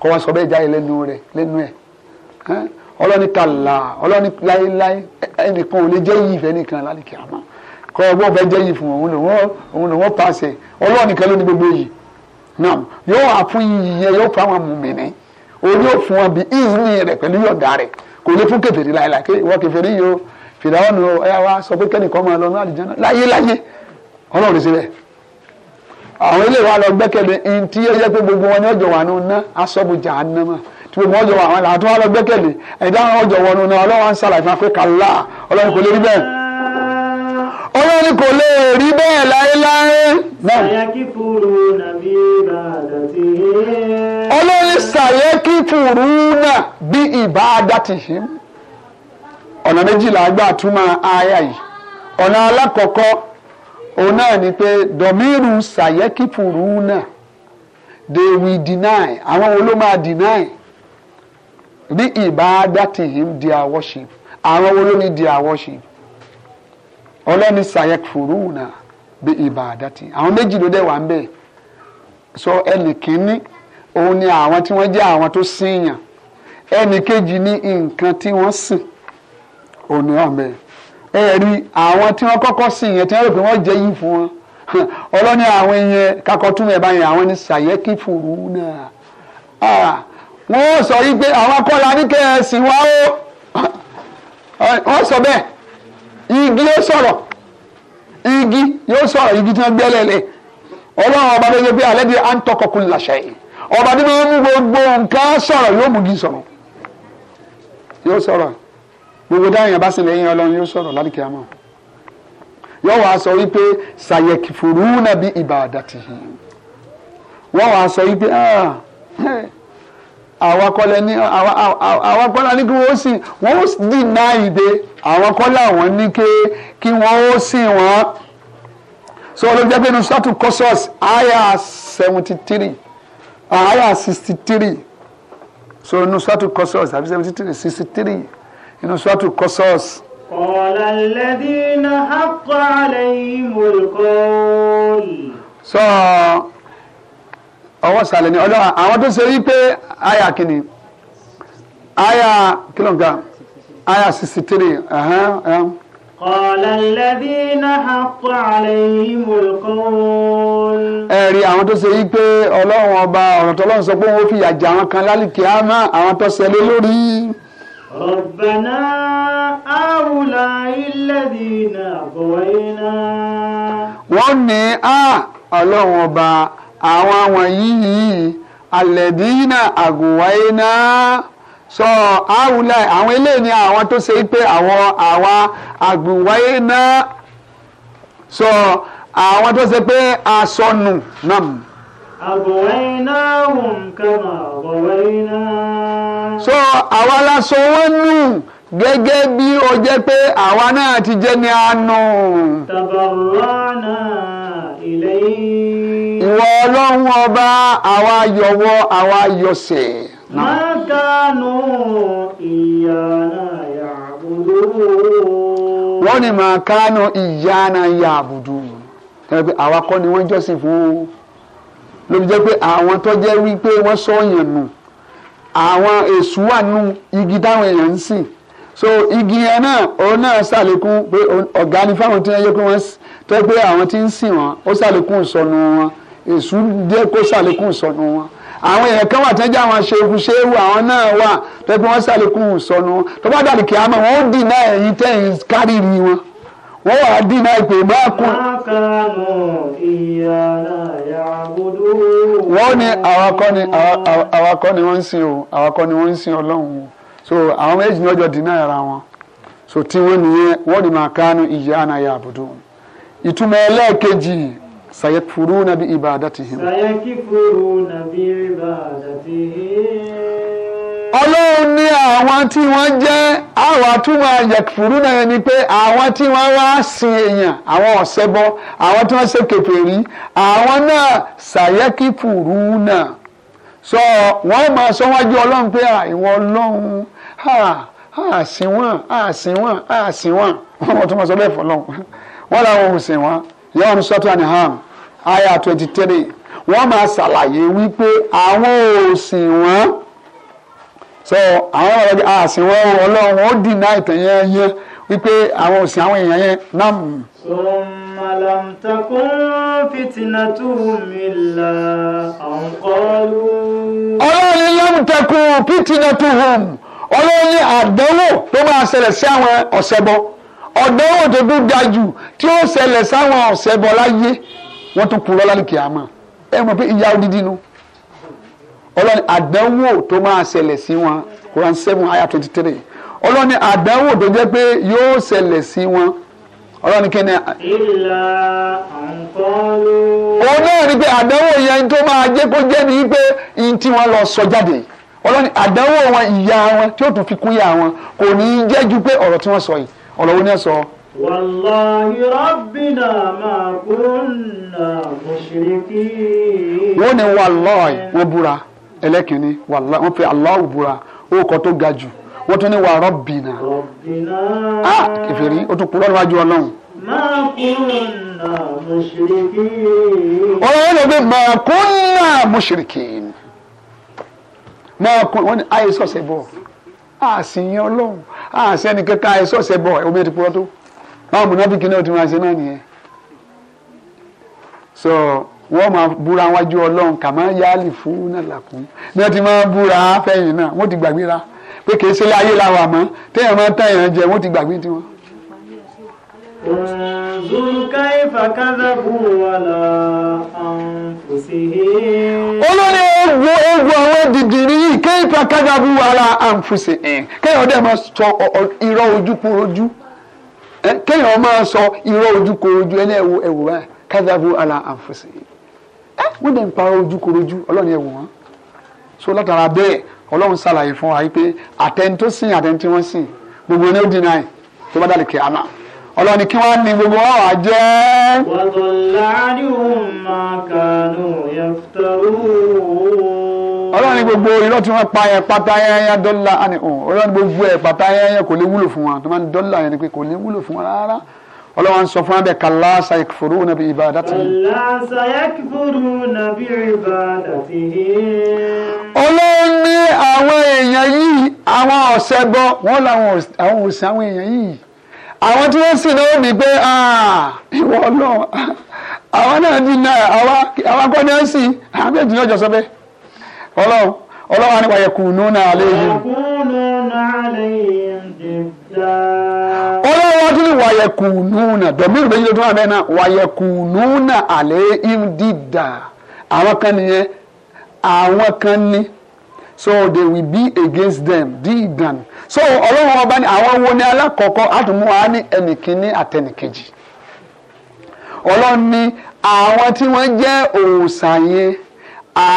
kọ́ wá sọ bẹ́ẹ̀ jáde lẹ́nu rẹ̀ lẹ́nu ẹ̀ ọlọ́ni tààlà ọlọ́ni láéláé ẹnìkan ò lè jẹ́ yìí fẹ́ nìkan láti kìámà kọ́ ọgbọ́n fẹ́ jẹ́ yìí fún òun lòun òun lòun pàṣẹ ọlọ́ni kan ló ní gbogbo yìí náà yóò wà fún yìí yẹn yóò fún àwọn mùmìnì òun yóò fún wọn bí ìhìnì rẹ̀ pẹ̀lú yọ̀dà rẹ̀ kò lè fún kèfèrí láéláé wọ́n wa sọ pé kẹ́nìkan máa lọ náà àlùjánnà láyé láyé ọlọ́run àwọn ilé wa lọ gbẹ́kẹ̀lé ntí yẹ pé gbogbo wọn ni ọjọ́ wà nù ná asọ́bù jahannama tí gbogbo ọjọ́ wà wọn là tó wà lọ gbẹ́kẹ̀lé ẹ̀dá wọn ọjọ́ wọn nù ná ọlọ́wọ́n sàlàyé fún akpé kàlá ọlọ́run kò lè rí bẹ́ẹ̀ ọlọ́run kò lè rí bẹ́ẹ̀ láéláé. ọlọ́run sàyẹ́kì fùrú náà bí ìbá dàtì yìí ọ̀nà méjìlá gbà túmọ̀ àyà yìí ọ̀nà alákọ̀ọ́kọ́ òun náà ni pé dọ̀míìrù sàyẹ́kìpùrù náà they will deny àwọn wo ló máa deny bí ìbádàtìhìm their worship àwọn wo ló ní their worship ọlọ́ni sàyẹ́kìpùrù náà bí ìbádàtì àwọn méjì ló wà ń bẹ̀ sọ ẹnì kínní ni àwọn tí wọ́n jẹ́ àwọn tó sìn yàn ẹnì kejì ní nǹkan tí wọ́n sìn òun ni wọ́n ẹ̀rí àwọn tí wọ́n kọ́kọ́ sí yẹn tí wọ́n rò wọ́n jẹ́ yìí fún wọn ọlọ́ni àwọn yẹn kakọ́tún ẹ̀ báyìí àwọn ni sàyẹ́kì fòrú náà wọ́n sọ yìí pé àwọn akọ́la ní kẹ́ẹ̀sìn wa ó wọ́n sọ bẹ́ẹ̀ igi yóò sọ̀rọ̀ igi yóò sọ̀rọ̀ igi tí wọ́n gbé ọlọ́run ọba ló yẹ pé alẹ́ bí à ń làṣẹ yìí ọba gbogbo dáhìyàn bá sẹlẹ̀ yẹn ọlọ́run yóò sọ̀rọ̀ lálùkì àmọ́ yóò wá sọ wípé sàyẹ̀kì fòrú nàbí ìbà àdàtì yìí wọ́n wá sọ wípé ah, eh, àwọn akọ́lẹ̀ ní àwọn akọ́lẹ̀ ní kí wọ́n sìn wọ́n dì náà ìgbé àwọn akọ́lẹ̀ àwọn ní kí wọ́n ó sìn wọ́n so olóògbé pé nínú sọ́ọ̀tù àyà seventy three àyà sixty three so nínú sọ́ọ̀tù kọ́sọ́ọ̀sì àbí seventy three sixty three inú sọ́ọ̀tù kọ́sọ́ọ̀s. qala alladhina haqqa alayhimul qawl. sọ ọwọ́ sàlẹ̀ ni ọlọ́run àwọn tó ṣe wípé àyà kìíní àyà kìlọ̀ǹgà àyà sixty three. قال الذين حق عليهم القول. ẹ̀rí àwọn tó ṣe wípé ọlọ́run ọba ọ̀rọ̀ tọ́lọ́run sọ pé wọ́n fìyà jẹ àwọn kan lálùkìyàmá àwọn tó ṣẹlẹ̀ lórí. ربنا هؤلاء الذين غوينا wọ́n ní á ọlọ́run ọba àwọn wọ̀nyí yìí àlẹ́dínà àgùnwáyé náà sọ àwùlà àwọn eléyìí ni àwọn tó ṣe pé àwọn àwa àgùnwáyé náà sọ àwọn tó ṣe pé asọnù náà àbọ̀wẹ́náhùn kama àbọ̀wẹ́ná. so àwa la sọ wọ́n nù gẹ́gẹ́ bí ó jẹ́ pé àwa náà ti jẹ́ ní àánú. tabarrana ilayhi. ìwọ ọlọ́run ọba àwa yọ̀wọ́ àwa yọ̀sẹ̀. ma kanu iyana ya'budun. wọ́n ní ma kanu iyana ya'budun. ẹ pé àwa kọ́ ni wọ́n jọ́sìn fún ló fi jẹ́ pé àwọn tó jẹ́ wípé wọ́n sọ̀yàn nù àwọn èṣù wà nù igi táwọn èèyàn ń sìn so igi yẹn náà òun náà ṣàlékún pé ọ̀gá ni fáwọn tí wọ́n yẹ pé wọ́n tó pé àwọn tí ń sìn wọn ó ṣàlékún ìsọnù wọn èṣù jẹ́ kó ṣàlékún ìsọnù wọn àwọn èèyàn kan wà tẹ́jú àwọn ṣeéhu ṣeéhu àwọn náà wà tẹ́jú wọn ṣàlékún ìsọnù wọn tó bá dàbí kìámọ̀ wọn ó dì náà ẹ̀yìn tẹ́yìn kárìrì wọn wọ́n wà á dì náà ìpè máa kún kánú ìyáná yàgòdò. wọ́n ní àwakọ́ ni àwakọ́ ni wọ́n ń sìn o àwakọ́ ni wọ́n ń sìn ọlọ́run o so àwọn méjì ní ọjọ́ dínà ara wọn so tí wọ́n nìyẹn wọ́n ní máa kánú ìyáná yàgòdò. ìtumọ̀ ẹlẹ́ẹ̀kejì sayakfuruna bi ibadatihim. sayakfuruna bi ibadatihim ọlọ́run ní àwọn tí wọ́n jẹ́ àwọn àtúmọ̀ yẹ̀kùrú náà ni pé àwọn tí wọ́n wá sin èèyàn àwọn ọ̀sẹ̀bọ àwọn tí wọ́n ṣe kèfèrí àwọn náà ṣàyẹ́kìfùrú náà sọ wọ́n máa sọ wájú ọlọ́run pé ìwọ ọlọ́run àsìn wọn àsìn wọn àsìn wọn wọ́n tún máa sọ bẹ́ẹ̀ fọlọ́run wọ́n làwọn ò sìn wọn yẹ́n sọ́tún àni ham aya twenty three wọ́n máa ṣàlàyé wípé àwọn ò sìn wọn so àwọn ọ̀rọ̀ bí àsìn ah, wọn o ọlọ́run ó dì náà ìtàn yẹn yẹn wípé àwọn òsìn àwọn èèyàn yẹn náà. summa lam takun fitnatuhum illa an qalu. ọlọ́run ní lam takun fitnatuhum ọlọ́run ní àdánwò tó máa ṣẹlẹ̀ sí àwọn ọ̀ṣẹbọ àdánwò tó tún ga jù tí ó ṣẹlẹ̀ sáwọn ọ̀ṣẹbọ láyé wọ́n tún kú lọ́lá ní ẹ mọ̀ pé ìyá odidi nu. No? ọlọ́ni àdánwò tó máa ṣẹlẹ̀ sí wọn Quran seven ayah twenty three ọlọ́ni àdánwò tó jẹ́ pé yóò ṣẹlẹ̀ sí wọn ọlọ́ni kẹ́ni. ìlà àǹkọ́lù. òun náà ni pé àdánwò yẹn tó máa jẹ́ kó jẹ́ ni pé ihun tí wọ́n lọ sọ jáde ọlọ́ni àdánwò wọn ìyá wọn tí ó tún fi kún ìyá wọn kò ní í jẹ́ ju pé ọ̀rọ̀ tí wọ́n sọ yìí ọ̀rọ̀ wo ni ẹ sọ. wàláhi rabbina ma kunna mushriki. wọ́n ní wàláhi wọ́n búra ẹlẹ́kìnní wàlá wọ́n fi Allahu búra orúkọ tó ga jù wọ́n tún ní wà rọ́bìnà. ah kẹfìrí o tún kúrọ́ níwájú ọlọ́run. ọlọ́run ló gbé máa kúnlá mushrikin máa kún wọ́n ní ayé sọ̀sẹ̀ bọ̀ àṣìyàn ọlọ́run àṣẹ́ni kankan ayé sọ̀sẹ̀ bọ̀ omi ti kúrọ́ tó báwo mùnàbíkì náà ti máa ṣe náà nìyẹn. so wọ́n máa búra wájú ọlọ́run kàmá yáàlì fún nàlàkùn bí wọ́n ti máa búra fẹ́yìn náà wọ́n ti gbàgbéra pé kì í ṣe láyé làwọn àmọ́ téèyàn máa tán èèyàn jẹ wọ́n ti gbàgbé tiwọn. Òǹzùnká ìfàkàdàbù wàlà àǹfùsìhì. Olórí ewu ewu àwọn dìdìrí yìí ké ìfàkàdàbù wàlà àǹfùsìhì. Kéèyàn dẹ̀ máa sọ irọ́ ojúkorojú. Kéèyàn máa sọ irọ́ ojúkorojú ẹlẹ́wọ̀ ẹ̀wọ̀ báyìí kàdàbù wàlà àǹfùsìhì wọ́n dẹ̀ ń pa ojúkorojú ọlọ́run yẹn wò wọ́n so látara bẹ́ẹ̀ ọlọ́run ṣàlàyé fún wa pé àtẹni tó sìn àtẹni tí wọ́n sìn gbogbo ní ó dín náà tó bá dàlẹ́ kẹ́ àmà ọlọ́run kí wọ́n ní gbogbo wọn wà jẹ́. ọlọ́run ní gbogbo irọ́ tí wọ́n pa yẹn pátá yẹn dọ́là ọlọ́run gbogbo ẹ̀ pátá yẹn kò lè wúlò fún wọn tó máa ń dọ́là yẹn ni pé kò lè wúlò fún wọn rárá ọlọ́wọ́n sọ fún abẹ́ kàlá sayakfuruna bi ibadatihi. kàlá sayakfuruna bi ibadatihi. ọlọ́run ní àwọn èèyàn yìí àwọn ọ̀sẹ̀ gbọ́ wọ́n làwọn àwọn òsè àwọn èèyàn yìí àwọn tí wọ́n sì náà ní pé ìwọ ọlọ́run àwọn náà ti na àwọn akọ́ni ẹ̀ sì àwọn méjì náà sọ bẹ́ẹ̀ ọlọ́run ọlọ́run àníwáyẹ̀kùn nùnà àlẹ́ yìí. àkúnú nà àlẹ́ yìí wa tún ní wàyẹ̀kùnúnà dọ̀míìrì méjì ló tún wà bẹ́ẹ̀ náà wàyẹ̀kùnúnà àlẹ́ ìdìdà kan nìyẹn so they will be against them dida so ọlọ́run ọba ni àwọn wo ni alákọ̀ọ́kọ́ àtúmọ̀ wa ní ẹnìkínní àtẹnìkejì ọlọ́run ní àwọn tí wọ́n jẹ́ òòṣà yẹn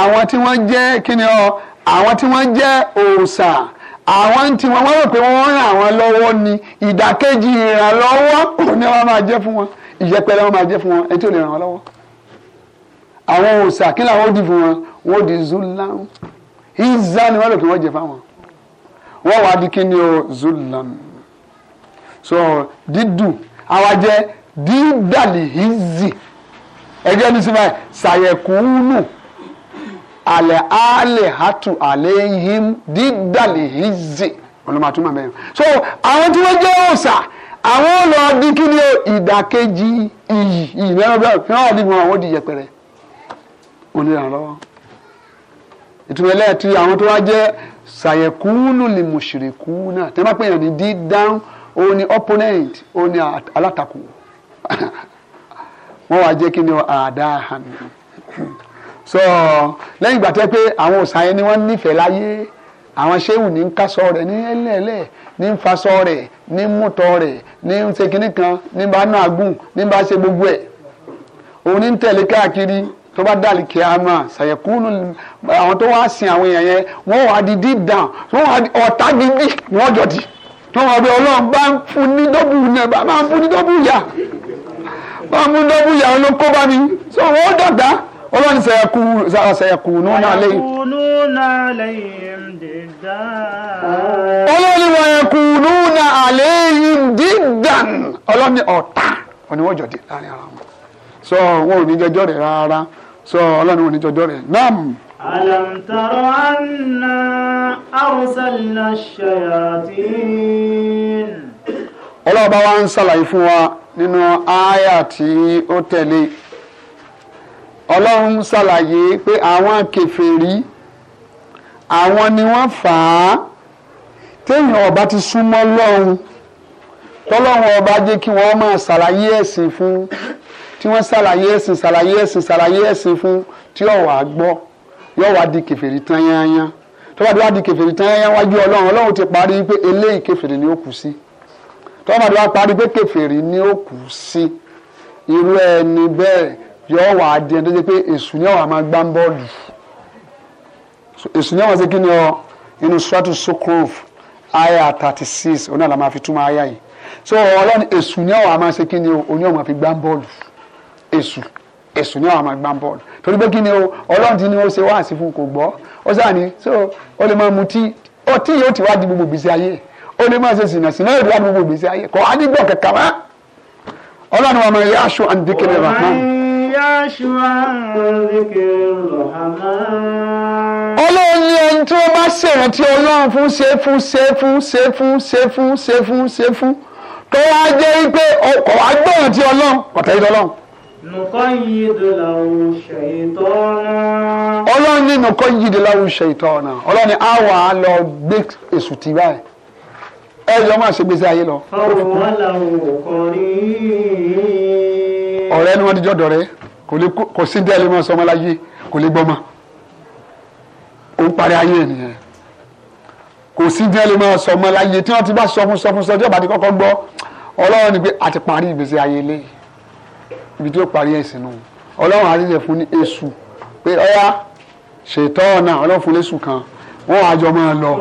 àwọn tí wọ́n jẹ́ kíni ọ àwọn tí wọ́n jẹ́ àwọn tí wọn wọ́n rò pé wọ́n ràn àwọn lọ́wọ́ ni ìdàkejì ìrànlọ́wọ́ òun ni wọ́n máa jẹ́ fún wọn ìyẹpẹrẹ wọn máa jẹ́ fún wọn ẹni ò lè ràn wọn lọ́wọ́ àwọn òòsà kí làwọn ó dì fún wọn wọn ó di zulam ìzá ni wọ́n rò pé wọ́n jẹ fáwọn wọ́n wá di kí ni o zulam so dídùn àwa jẹ dídàlì ìzì ẹgbẹ́ ní sinmi ṣàyẹ̀kùnú alẹ́ alẹ́ hatu alẹ́ yim dídàlẹ̀ hizi olùmọ̀túnmọ̀ mẹ́rin so àwọn tí wọ́n jẹ́ òòṣà àwọn ò lọ di kí ni ìdàkejì iyì iyì lẹ́nu bẹ́ẹ̀ fi hàn dìbò àwọn ò di yẹpẹrẹ onírànlọ́wọ́ ìtumọ̀ ẹlẹ́ẹ̀tì àwọn tó wá jẹ́ sàyẹ̀kúnù lè mùṣìrìkúnà tẹ́ bá pèèyàn ní dídáhùn òun ni opponent òun ni alátakò wọ́n wá jẹ́ kí ni àdáhàn so lẹ́yìn ìgbà tẹ́ pé àwọn òòsàn yẹn ni wọ́n nífẹ̀ẹ́ láyé àwọn ṣéwù ní ń kásọ rẹ̀ ní ẹlẹ́ẹ̀lẹ́ ní ń fasọ rẹ̀ ní ń mútọ rẹ̀ ní ń ṣe kinní kan ní bá náà gùn ní bá ṣe gbogbo ẹ̀ òun ní ń tẹ̀lé káàkiri tó bá dàlí kíámà ṣàyẹ̀kúnú àwọn tó wá sin àwọn èèyàn yẹn wọ́n wá di deep down wọ́n wá di ọ̀tá gidi wọ́n jọ di wọ́n wá bí ọlọ́run bá ń fún ní dọ́bù náà bá máa ń fún ní dọ́bù yà bá ń fún ní dọ́bù yà ló bá mi so wọ́n dọ̀gá ọlọ́run sẹ̀yẹ̀kùnú náà lẹ́yìn. ọlọ́run wọ̀nyẹ̀kùnú náà lẹ́yìn dídàn ọlọ́run ní ọ̀tá oníwọ̀jọ̀ dé láàrin ara wọn. sọ wọn ò ní jọjọ́ rẹ̀ rárá sọ ọlọ́run ò ní jọjọ́ rẹ̀ nam. alam tara anna arsalna shayatin. ọlọ́ọ̀bá wa ń ṣàlàyé fún wa nínú àyà tí ó tẹ̀lé ọlọ́run ṣàlàyé pé àwọn kèfèrí àwọn ni wọ́n fà á téèyàn ọba ti súnmọ́ lọ́run tọ́lọ́run ọba jẹ́ kí wọ́n máa ṣàlàyé ẹ̀sìn fún tí wọ́n ṣàlàyé ẹ̀sìn ṣàlàyé ẹ̀sìn ṣàlàyé ẹ̀sìn fún tí ó wá gbọ́ yóò wá di kèfèrí tán yányán tọ́ba tó di kèfèrí tán wájú ọlọ́run ọlọ́run ti parí pé eléyìí kèfèrí ni ó kù sí tọ́ba tó wá parí pé kèfèrí ni ó kù sí irú ẹni bẹ́ẹ̀ yọ wà á di ẹni tó jẹ́ pé èṣù ni àwọn máa gbá ń bọ́ọ̀lù èṣù ni àwọn ṣe kí ni ọ inú suratu Zukhruf aya thirty six oní àlàmà fi aya yìí so ọlọ́ni èṣù ni àwọn máa ṣe kí ni o oní àwọn máa fi gbá ń bọ́ọ̀lù èṣù èṣù ni àwọn máa gbá ń bọ́ọ̀lù torí pé kí ni o ọlọ́run ti ní o ṣe wáàsí fún kò gbọ́ ó sáà ní so ó lè máa mutí ọtí yóò ti wá di gbogbo gbèsè ayé ó lè máa ṣe sìnà sìnà yóò ti wá di gbogbo gbèsè ayé kò á ní gbọ́ kẹ̀kẹ́ wa máa yẹ aṣọ àǹdíkẹ́lẹ́ rahman yashu an zikir rahman. ọlọ́run ní ẹni tí wọ́n bá ṣèrántí ọlọ́run fún ṣe fún ṣe fún ṣe fún ṣe fún ṣe fún ṣe fún tó wá jẹ́ wípé ọkọ̀ wá gbọ́ràn tí ọlọ́run kọ̀tẹ́ yìí lọ́lọ́run. nùkọ́ yìí dòlà òun ṣèyítọ́nà. ọlọ́run ní nùkọ́ yìí dòlà òun ṣèyítọ́nà ọlọ́run ní àwa lọ gbé èṣù tì báyìí ẹ jọ máa ṣe gbèsè ayé lọ. ọ̀rọ̀ wọn làwọn ò ọ̀rẹ́ ni wọ́n ti jọ́dọ̀ rẹ kò sí dẹ́ẹ̀lì mọ́ sọmọ láyé kò lè gbọ́mọ ó ń parí ayé nìyẹn kò sí dẹ́ẹ̀lì mọ́ sọmọ láyé tí wọ́n ti bá sọ fún sọ fún sọ tí ọba ti kọ́kọ́ gbọ́ ọlọ́run ni pé a ti parí ìgbésí ayé lé ibi tí ó parí ẹ̀sìn nù ọlọ́run àti ìjẹ̀ fún ní èṣù pé ọ̀yá ṣètọ́ náà ọlọ́run fún lẹ́sù kan wọ́n àjọ máa lọ.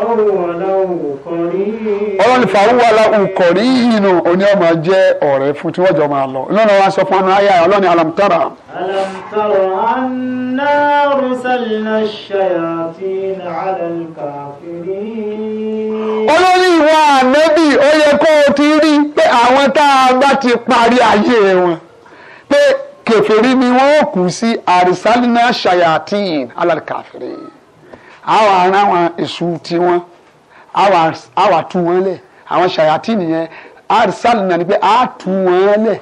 ọlọ́run fàáwù wà lá nkọ̀rí inú oní ọmọ jẹ́ ọ̀rẹ́ fún tí wọ́n jọ máa lọ. lọ́nà wa sọ fún ọmọ ayé ọlọ́ni alamtara. alamtara anna rusalna shayatin ala olórí ìwà ànábì ó yẹ kó o ti rí pé àwọn tá a bá ti parí ayé wọn pé kèfèrí ni wọ́n kù sí arisalina shayatin ala àwọn ará àwọn èṣù tiwọn àwọn àtú wọn lẹ̀ àwọn ṣàyàtì nìyẹn àrísàlù náà ni pé àtú wọn lẹ̀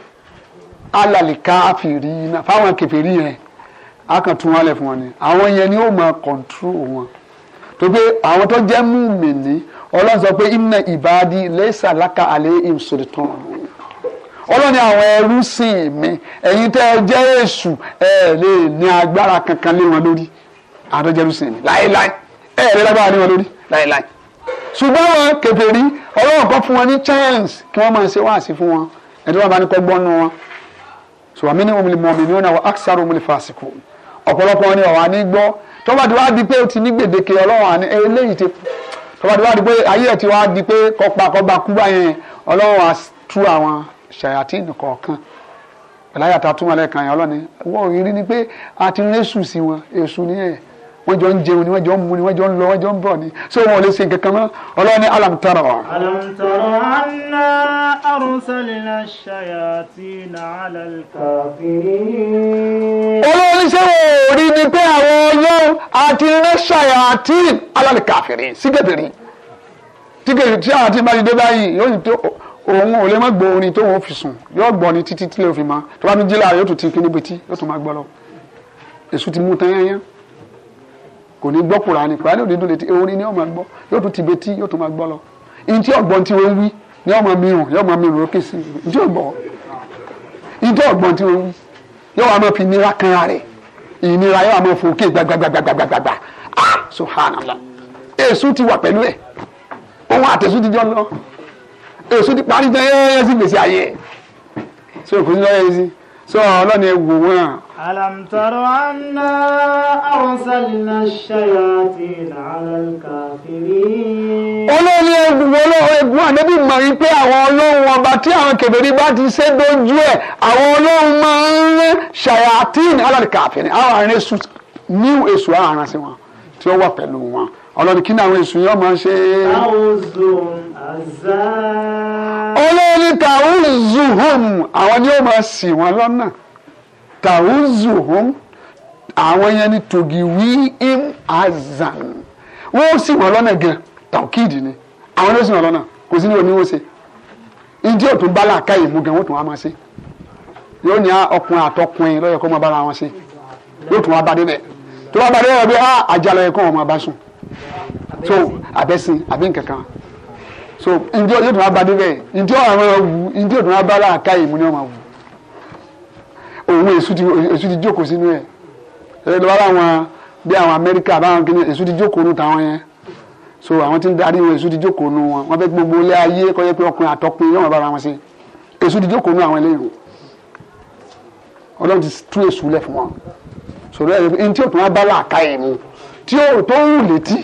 alàlè káfìrí náà fáwọn kèfèrí yẹn àkàn tú wọn lẹ̀ fún wọn ni àwọn yẹn ni ó máa kọ̀ǹtúrò wọn tó pé àwọn tó jẹ́ mùmìnì ọlọ́run sọ pé inna ìbàdí lẹ́sà láka àlẹ́ ìṣòdìtàn ọlọ́run ni àwọn ẹrú sìn mí ẹ̀yin tẹ́ ẹ jẹ́ èṣù ẹ lè ní agbára kankan lé wọn lórí àwọn tó jẹ́ rúṣin ni láéláé ẹ ẹ̀rẹ́ lágbára ní wọn lórí láéláé ṣùgbọ́n wọn kèfèrí ọlọ́run kọ́ fún wọn ní chance kí wọ́n máa ṣe wáàsí fún wọn ẹ̀dọ́ wọn bá ní kọ́ gbọ́nú wọn ṣùgbọ́n mí ní wọn mọ̀ mí ní wọn náà aksaru mú fàṣíkù ọ̀pọ̀lọpọ̀ wọn ni ọ̀wà ní gbọ́ tó bá ti wá di pé ó ti ní gbèdéke ọlọ́run àní eléyìí ti tó wá di pé ayé ẹ̀ ti wá di pé kọ́pa kọ́ba kúbá yẹn ọlọ́run á tú àwọn ṣàyàtìn kọ̀ọ̀kan pẹ̀láyàtà túmọ̀ lẹ́ẹ̀kan yẹn ọlọ́ni wọ́n rí ni pé a ti rẹ́sù sí wọn èṣù nìyẹn wọ́n jọ ń jẹun ni wọ́n jọ ń mu ni wọ́n jọ ń lọ wọ́n jọ ń bọ̀ ni so wọn ò lè ṣe nǹkan kan mọ́ ọlọ́run ní alam tara. alam tara anna arsalna shayatina ala al-kafirin. olórí ṣé o rí ni pé àwọn ọlọ́run àti rán shayatin ala al-kafirin sígẹ̀dẹ̀rì tíkẹ̀tì tí àwọn ti bá ti dé báyìí yóò ti tó òun ò lè má gbọ́ orin tó wọn fi sùn yóò gbọ́ ni títí tí lè fi máa tó bá mi jí láàárọ̀ yóò tún ti kí níbi tí yóò tún máa gbọ́ lọ èso ti mú tán yányán kò ní gbọ́ kùránì kùránì òní dùn létí orin ni yóò máa gbọ́ yóò tún ti betí yóò tún máa gbọ́ lọ ntí ọgbọ́n tí wọ́n wí ni yóò máa mìíràn yóò máa mìíràn lókè sí ntí ọgbọ́n ntí ọgbọ́n tí wọ́n wí yóò wá máa fi nira kanra rẹ̀ ìnira yóò wá máa fòkè gbàgbàgbàgbàgbàgbà ah subhanallah èso ti wà pẹ̀lú ẹ̀ òun àtẹ̀só ti jọ lọ èso ti parí jẹ́ yẹ́yẹ́ sí gbèsè ayé so kò ní lọ́yẹ́ sí so ọlọ́ni ẹ̀ wò wọ́n ألم تر أنا أرسلنا الشياطين على الكافرين. olórí egun olórí egun pé àwọn ọlọ́run ọba tí àwọn kèbèrè bá ti ṣe dojú ẹ̀ àwọn ọlọ́run máa ń rán ṣayatin alálìkàfẹ́ni àwọn àrùn ní èṣù àrùn sí wọn tí ó wà pẹ̀lú wọn ọlọ́run kí ni àwọn èṣù yóò máa ṣe. olórí tàwọn àwọn ni ó máa ṣì wọ́n lọ́nà tàwùzùhùn àwọn yẹn ni tògì wí im azan wọ́n ó sì wọ́n lọ́nà gan tàwùkìdì ni àwọn ló sì wọ́n lọ́nà kò sí ní oníwó ṣe ìdí òtún bá làákàyè mú gan wọ́n tún wá máa ṣe yóò ní ọkùnrin àtọkùnrin lọ́yọ̀ kó máa bára wọn ṣe yóò tún wá bá débẹ̀ tó wá bá débẹ̀ bí àjálọ ah, yẹ kó wọn máa bá sùn so àbẹ́sìn àbí nkankan so ìdí òtún wá bá débẹ̀ ìdí òtún wá bá làákàyè mú ni wọ́n máa wù òun èṣù ti èṣù ti jókòó sínú ẹ̀ ẹ̀rẹ́ lọ́wọ́ àwọn bí àwọn Amẹ́ríkà báwọn kìnìún èṣù ti jókòó nù táwọn yẹn so àwọn tí ń darí wọn èṣù ti jókòó nù wọn wọn fẹ́ gbogbo ilé ayé kọ́ yẹ pé ọkùnrin àtọkùnrin yọ̀wọ̀n bára wọn sí èṣù ti jókòó nù àwọn eléyìí ọlọ́run ti tú èṣù lẹ̀ fún wọn sọ̀rọ̀ ẹ̀ ní tí òtún wọn bá wà ká ẹ̀ ni tí ó tó ń wù létí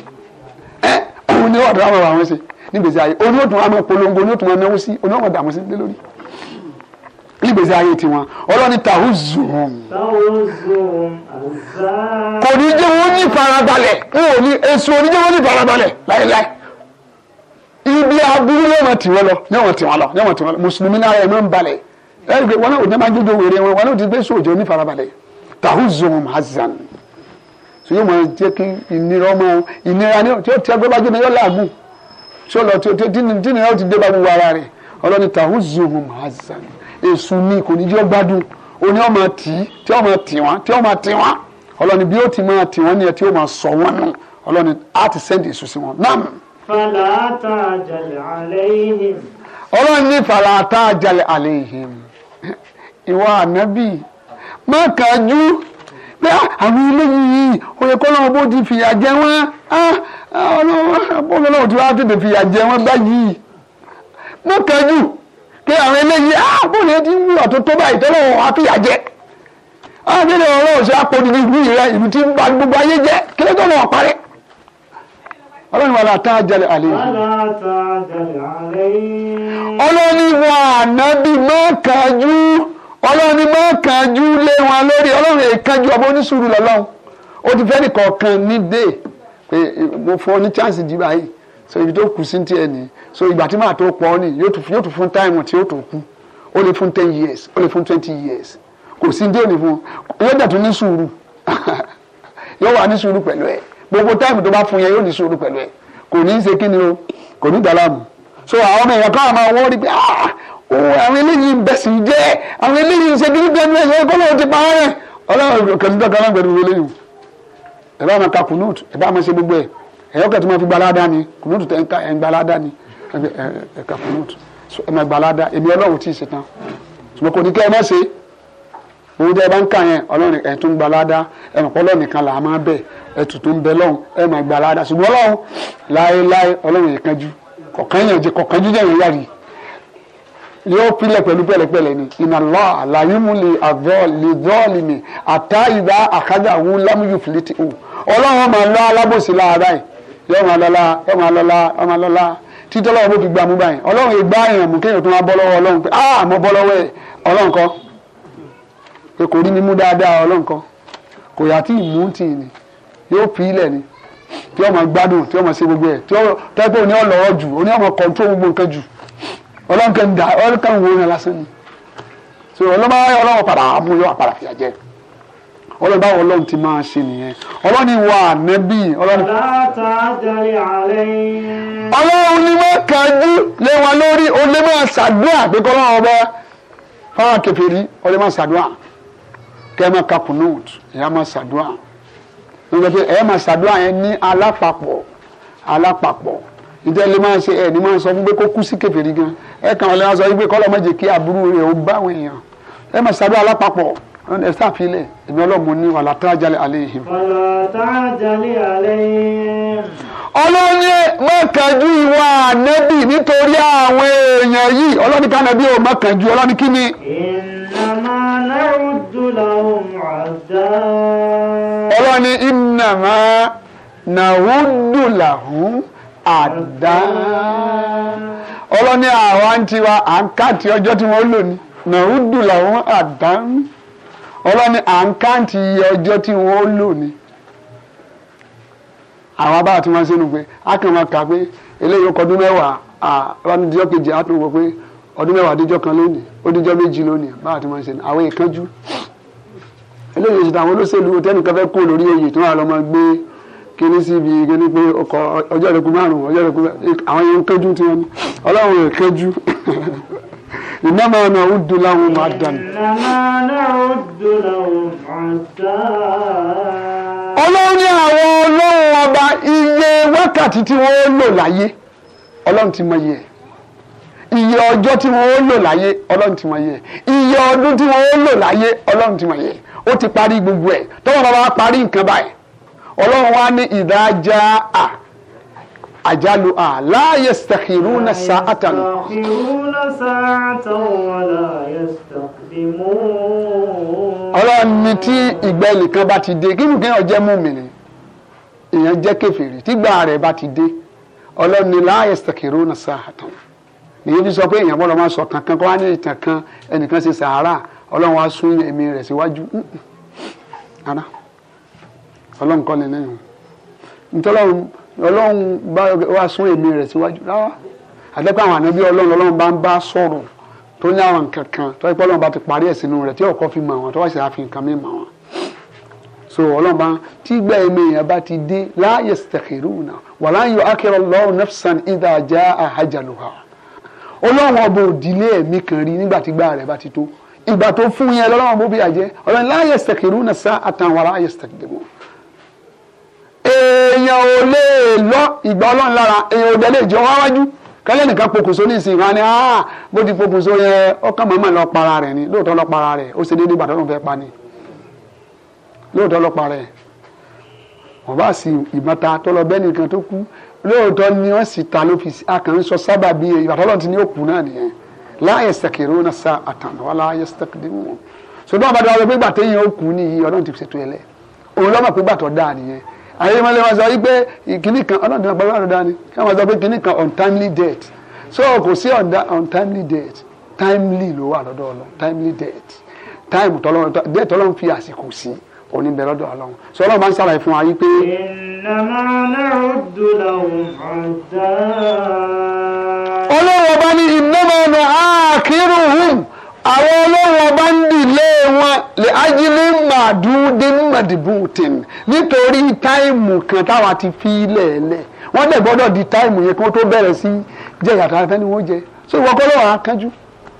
ẹ òun ni ọ̀dọ̀ àwọn àwọn ṣe nígbèsè ayé oní òtún wọn máa polongo oní òtún wọn náwó sí oní òtún wọn dààmú sí lé nígbèsè ayé tiwọn ọlọ́ni tahu zuhum. kò ní jẹ́ wọ́n ní farabalẹ̀ wọn ò ní èso oníjẹ́ wọ́n ní farabalẹ̀ láéláé ibi aburú lọ́wọ́ tí wọ́n lọ lọ́wọ́ tí wọ́n lọ lọ́wọ́ tí wọ́n lọ mùsùlùmí náà ẹ̀ máa ń balẹ̀ ẹ̀rí pé wọn náà ò ní máa jójó wèrè wọn wọn ò ti gbé sóòjó ní farabalẹ̀ tahu zuhum hazan so yóò máa jẹ́ kí ìnira ọmọ ìnira ni tí ó ti ẹgbẹ́ bá jẹ́ yọ láàgùn tí ó lọ tí ó ti dínira ó ti dé bá hazan èsùn ni kò ní jẹ́ gbádùn oní ọmọ tì í tí ọmọ tì wọ́n tí ọmọ tì wọ́n ọlọ́ni bí ó ti máa tì wọ́n ni ẹ tí ó máa sọ wọ́n nù ọlọ́ni á ti sẹ́ndì èsùn sí wọn náà. fàlàtà àjàlẹ̀ àlẹ́ ìhìn. ọlọ́ni ní fàlàtà àjàlẹ̀ àlẹ́ ìhìn ìwà ànábì má kájú pé ah, àwọn eléyìí òye kọ́ lọ́wọ́ bó ti fìyà jẹ wọ́n ah, ah, ọlọ́wọ́ bó lọ́wọ́ ti wá tètè fìyà jẹ wọ́n báyìí má kájú pé àwọn eléyìí àbúrò yẹn ti ń wúwà tó tó báyìí tọ́lọ́ wọn á fìyà jẹ àbẹ̀rẹ̀ ọlọ́run ṣe àpòdìdì ìlú ìrẹ́ ìlú tí ń ba gbogbo ayé jẹ́ kí ló tó wọn parẹ́ ọlọ́run wàlá tá a jalè àlẹ́ yìí. ọlọ́run wà nábì má kájú ọlọ́run má kájú lé wọn lórí ọlọ́run èkájú ọmọ onísùúrù lọ́lọ́run ó ti fẹ́ nìkan kan ní dé mo fún ọ ní chance jí báyìí so ibi tó kù sí ti ẹ̀ nìyí so ìgbà tí màá tó pọ̀ ọ́ ni yóò tún fún táìmù tí yóò tó kú ó lè fún ten years ó lè fún twenty years kò sí dé òní fún yóò dẹ̀ tún ní sùúrù yóò wà ní sùúrù pẹ̀lú ẹ̀ gbogbo táìmù tó bá fún yẹn yóò ní sùúrù pẹ̀lú ẹ̀ kò ní í ṣe kí ni o kò ní dàlámù so àwọn ọmọ èèyàn kan máa wọ́n rí pé ah, àwọn eléyìí ń bẹ̀ sí jẹ́ àwọn eléyìí ń ṣe bí bẹ́ẹ̀ ní ẹ̀yẹ kọ́ lóun ti pa ọ́rẹ́ ọlọ́run kẹ̀lú dọ́kẹ́ ẹ̀yọ́ kẹ́tù máa fi gbalada ni kùnúùtù tẹ̀ ẹ̀ ń gbalada ni ẹ̀ka kùnúùtù ẹ̀ máa gbalada èmi ọlọ́run tí ì ṣe tán ṣùgbọ́n kò ní kẹ́ ẹ má ṣe owó tẹ́ ẹ bá ń kà yẹn ọlọ́run ẹ̀ tún gbalada ẹ̀ mọ̀ pọ́lọ́ nìkan là á máa bẹ̀ ẹ̀ tù tó ń bẹ lọ́hùn ẹ̀ máa gbalada ṣùgbọ́n ọlọ́run láéláé ọlọ́run yẹn kanjú kọ̀kanjú jẹ́ ìyá rí yóò pilẹ̀ pẹ̀lú pẹ̀lẹ́pẹ̀lẹ́ ni ìnàlọ́ àlàyémúlẹ̀ àdọ́ọ̀lìmí àtá ìdá àkájà wú lámúyù fìlítì ò ọlọ́run máa lọ alábòsí láàárá yìí yọ máa lọ́la yọ máa lọ́la yọ máa lọ́la títí ọlọ́run ló fi gbà mú báyìí ọlọ́run ìgbà èèyàn mú kéèyàn tó máa bọ́ lọ́wọ́ ọlọ́run pé ah mo bọ́ lọ́wọ́ ẹ̀ ọlọ́run kọ́ pé kò rí mi mú dáadáa ọlọ́run kọ́ kò yà tí ì mú tì ní yóò fi ilẹ̀ ni tí ọmọ gbádùn tí ọmọ ṣe gbogbo ẹ̀ tí ọmọ tẹ́pẹ́ òní ọlọ́wọ́ jù òní ọmọ kọ̀ǹtró gbogbo nǹkan jù ọlọ́run kẹ́ wo yẹn lásán ni so ọlọ́mọ ayé ọlọ́run padà mú yọ àpàràfíà jẹ́ ọlọ́run báwo ọlọ́run ti máa ṣe nìyẹn ọlọ́run ni wà nẹ́bí ọlọ́run. ọlọ́run ni wọ́n kájú lé wa lórí o lè máa ṣàdúrà pé kọ́ ọlọ́run ọba fáwọn kèfèrí o lè máa ṣàdúrà kẹ́ ẹ máa ka kùnúùt ẹ máa ṣàdúrà ẹ máa ṣàdúrà yẹn ní alápapọ̀ alápapọ̀ ìjẹ́ lè máa ṣe ẹ̀ ní máa sọ fún pé kó kú sí kèfèrí gan ẹ̀ kàn lè máa sọ wípé kọ́ ọlọ́mọ wọn ẹ sáfilẹ ẹmí ọlọmọ ní wàhálà tá a jalè alẹ yìí. wàhálà tá a jalè alẹ yìí. ọlọ́ni mọ̀kànjú ìwà ànẹ́bì nítorí àwọn èèyàn yìí ọlọ́ni kánẹ́bí ò mọ̀kànjú ọlọ́ni kí ni. ìnàmà nàrúdú làwọn àdá. ọlọ́ni ìnàmà nàrúdú làwọn àdá. ọlọ́ni àwọn àǹtí wa àǹkàtì ọjọ́ tí wọ́n lò ní nàrúdú làwọn àdá ọlọ́ni à ń káǹtì iye ọjọ́ tí wọ́n lò ní àwọn abáà tí wọ́n sínú pé a kàn máa kà pé eléyìí ọkọ̀ ọdún mẹ́wàá àbánidíjọ́ kejì á tún wọ pé ọdún mẹ́wàá díjọ́ kan lónìí ó díjọ́ méjì lónìí báà tí wọ́n ṣe ní àwọn ìkánjú eléyìí ìṣètò àwọn olóṣèlú tẹ́nìkan fẹ́ kú lórí oyè tí wọ́n á lọ máa gbé kíní síbi kíní pé ọkọ̀ ọjọ́ ìrẹ́kú márùn-ún ọjọ́ ìrẹ́kú àwọn ìkánjú tí wọ́n ní ọlọ́run ìkánjú إنما نعد لهم عدا إنما نعد لهم عدا àwọn ọba iye wákàtí tí wọ́n lò láyé ọlọ́run ti mọ iye iye tí lò láyé ti mọ iye iye ọdún tí wọ́n lò láyé ti mọ ti parí gbogbo e, tọ́wọ́n bá parí nǹkan báyìí ọlọ́run wá ní ìdájà à. àjálù à láàyè sàkìrú na sàátàn. ọlọ́run ni tí ìgbà ẹnìkan bá ti dé kí nìkan ọjẹ́ mùmínì èèyàn jẹ́ kèfèrí tígbà rẹ̀ bá ti dé ọlọ́run ni láàyè sàkìrú na sàátàn. nìyẹn fi sọ pé èèyàn bọ́lọ́ máa sọ kankan kó wá ní ìtàn kan ẹnìkan ṣe sàárà ọlọ́run wá sún ẹ̀mí rẹ̀ síwájú ọlọ́run kọ́ lẹ́nu ìtọ́lọ́run ọlọ́run bá wá sún èmi rẹ̀ síwájú rárá àtẹ́pẹ́ àwọn ànábí ọlọ́run ọlọ́run bá ń bá sọ̀rọ̀ tó ní àwọn nǹkan kan tó yẹ pé ọlọ́run bá ti parí ẹ̀ rẹ̀ tí ọkọ fi mọ̀ wọn tó wá sì àfi nǹkan mímọ̀ wọn. so ọlọ́run bá tí gbẹ́ ẹ̀mí èèyàn bá ti dé la yastakhiruna wa la yu'akhiru Allahu nafsan idha jaa ajaluha ọlọ́run ọba òdìlé ẹ̀mí kan rí nígbà tí gbà rẹ̀ bá ti tó ìgbà tó fún yẹn lọ́lọ́run bó bí àjẹ́ ọlọ́run la yastakhiruna sa'atan wa la yastaqdimun èèyàn ò lè lọ ìgbà ọlọ́run lára èèyàn ò délé ìjọ wáwájú kẹ́lẹ́ nìkan pokùnso ní ìsìn ìhàn ni ah, bó ti pokùnso yẹ ọkàn mọ́mọ́ lọ para rẹ̀ ni lóòótọ́ lọ para rẹ̀ ó ṣe déédéé gbàdọ́ ló fẹ́ pa ni lóòótọ́ lọ para rẹ̀ wọ́n bá sì ìmọ̀ta tó lọ bẹ́ẹ̀ nìkan tó kú lóòótọ́ ni wọ́n sì ta ló fi akàn sọ sábà bí ìbàdàn lọ́tí ni ó kú náà nìyẹn láàyè sẹ̀kẹ̀rẹ̀ ọ̀nà sa àtàndà wà láàyè sẹ̀kẹ̀rẹ̀ wọn. sọdọ́ àbádọ́ wa lọ pé gbàtẹ́yìn ó kú nìyí àyè máa lè máa sọ wípé kínní kan ọlọ́dún àgbà wà lọ́dọ̀ ni kí wọ́n máa sọ pé kínní kan untimely death so kò sí untimely death timely ló wà lọ́dọ̀ ọlọ́ timely death time tọ́lọ́run death ọlọ́run fi àsìkò sí òní bẹ̀rẹ̀ lọ́dọ̀ ọlọ́run sọ ọlọ́run máa ń sàlàyé fún wa wípé. ọlọ́run ọba ní ìnáwó ọ̀nà àkírùhùn àwọn ọlọ́run ọba ń d ilé wọn lè ajílẹ̀ màdúndín màdìbùtìn nítorí táìmù kan táwọn ti fi ilẹ̀ ẹlẹ̀ wọ́n dẹ̀ gbọ́dọ̀ di táìmù yẹn kí wọ́n tó bẹ̀rẹ̀ sí jẹ́ ìyàtọ̀ afẹ́ ni wọ́n jẹ so ìwọ kọ́ lọ́wọ́ akánjú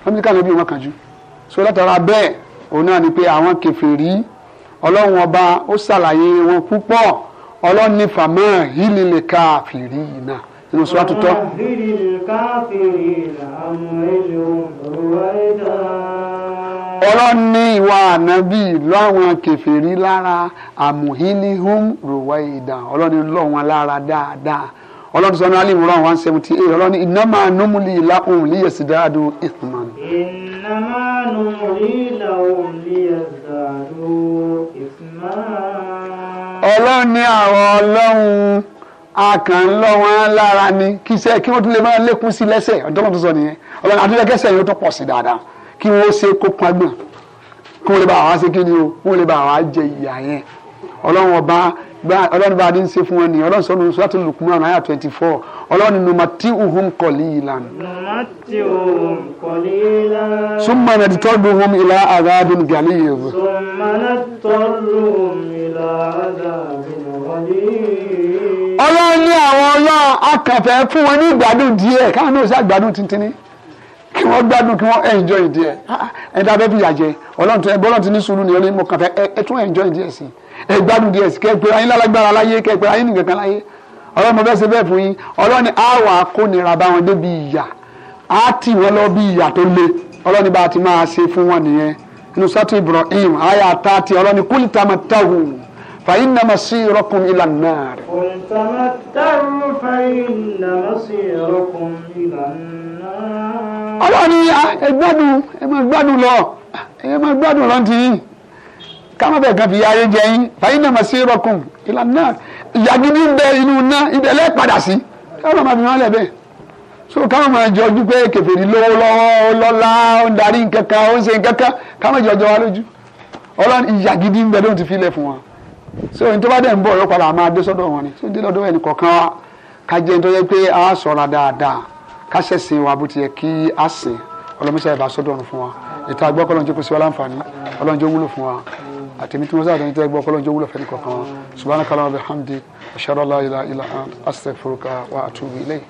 amẹ́ríkà ló bí wọn kánjú so látara bẹ́ẹ̀ òun náà ni pé àwọn kèfèrí ọlọ́run ọba ó ṣàlàyé wọn púpọ̀ ọlọ́run ní fàmọ́ ìlílẹ̀ káfìrí náà nínú sọ́wọ́ tuntun. ìlílẹ̀ káfìrí làwọn èlò òwúrọ̀ ẹ̀dá ọlọ́run ní ìwà ànábì lọ́wọ́n kẹfìrí lára àmùhílíhùn rọwà ìdá ọlọ́run lọ́ wọn lára dáadáa ọlọ́run sọ ní alimura one seventy eight ọlọ́run ìnáma numuli ìlàhùn líyẹ̀sídáàdù ìfúnmánu. ìnáma numuli ìlàhùn líyẹ̀sídáàdù ìfúnmánu. ọlọ́run ní àwọn ọlọ́run akàn lọ wọn lára ni kí sẹ́ kí wọ́n tún lè máa lékún sí lẹ́sẹ̀ ọ̀dọ́mọ̀tò sọ nìyẹn ọlọ́run adúlẹ̀kẹsẹ̀ yóò tún pọ̀ sí dáadáa kí wọ́n ṣe kó pọngbọ̀n kí wọ́n lè bá àwa ṣe kí ni o kí wọ́n lè bá àwa jẹ ìyà yẹn ọlọ́run ọba ọlọ́run bá a dín ṣe fún wọn nìyẹn ọlọ́run sọ́nù sọ́tún lukman ayah twenty four ọlọ́run nínú mati uhum kọ̀lí ìlànà. uhum kọ̀lí ìlànà. sumana tọ́lu uhum ilà àgádùn gàlí sumana tọ́lu uhum ilà àgádùn gàlí yìí. ọlọ́run ní àwọn ọlọ́run akàfẹ́ fún wọn ní ìgbádùn díẹ̀ káwọn náà ṣàgbádùn tìǹtìǹní kí wọ́n gbádùn kí wọ́n enjoy díẹ̀ ẹni tá a fẹ́ fi yàjẹ́ ọlọ́run tí bọ́lá ti ní sùúrù ni ọlọ́run mo kàn fẹ́ ẹ tún enjoy díẹ̀ sí ẹ gbádùn díẹ̀ sí kẹ́ẹ̀ pé ayé lálágbára láyé kẹ́ẹ̀ pé ayé nìkan kan láyé ọlọ́run mo fẹ́ ṣe bẹ́ẹ̀ fún yín ọlọ́run á wà kónira bá wọn débi ìyà á tì wọ́n lọ bí ìyà tó le ọlọ́run bá ti máa ṣe fún wọn nìyẹn inú sọ́tún Ibrahim àyà tààtì ọlọ́run kúlìtà mọ̀ táwùn فإن مصيركم إلى النار قل تمتعوا فإن مصيركم إلى النار ọlọ́ọ̀ni ẹgbádùn ẹ lọ ẹ máa lọ ti yín káwọn kan fi ya ayé jẹ yín fàyín náà máa sí rọkùn ìlànà ìyàgídí ń bẹ inú ná ibẹ̀ lẹ́ẹ̀padà sí káwọn máa fi wọn lẹ̀ bẹ́ẹ̀ so káwọn máa pé lọ́wọ́ ó ń darí nkankan ó ń nkankan káwọn lójú ìyàgídí ń bẹ ti fi lẹ̀ fún wa so ní tó bá dẹ̀ ń bọ̀ yóò padà máa dé so dé lọ́dọ̀ ẹnì kọ̀ọ̀kan wa ká jẹ́ káṣẹ́ sin wa bó ti yẹ kí á sìn ọlọ́mọṣẹ́ ìbá sọ́dọ̀rùn fún wa ìta gbọ́ kọ́lọ́n jẹ́ kó sí wa láǹfààní ọlọ́run jẹ́ wúlò fún wa àtẹ̀mí tí wọ́n sáà tẹ̀mí gbọ́ kọ́lọ́n jẹ́ wúlò fẹ́ni kọ̀ọ̀kan subhanaka wa bihamdi ashhadu an la ilaha illa anta astaghfiruka wa atubu ilayk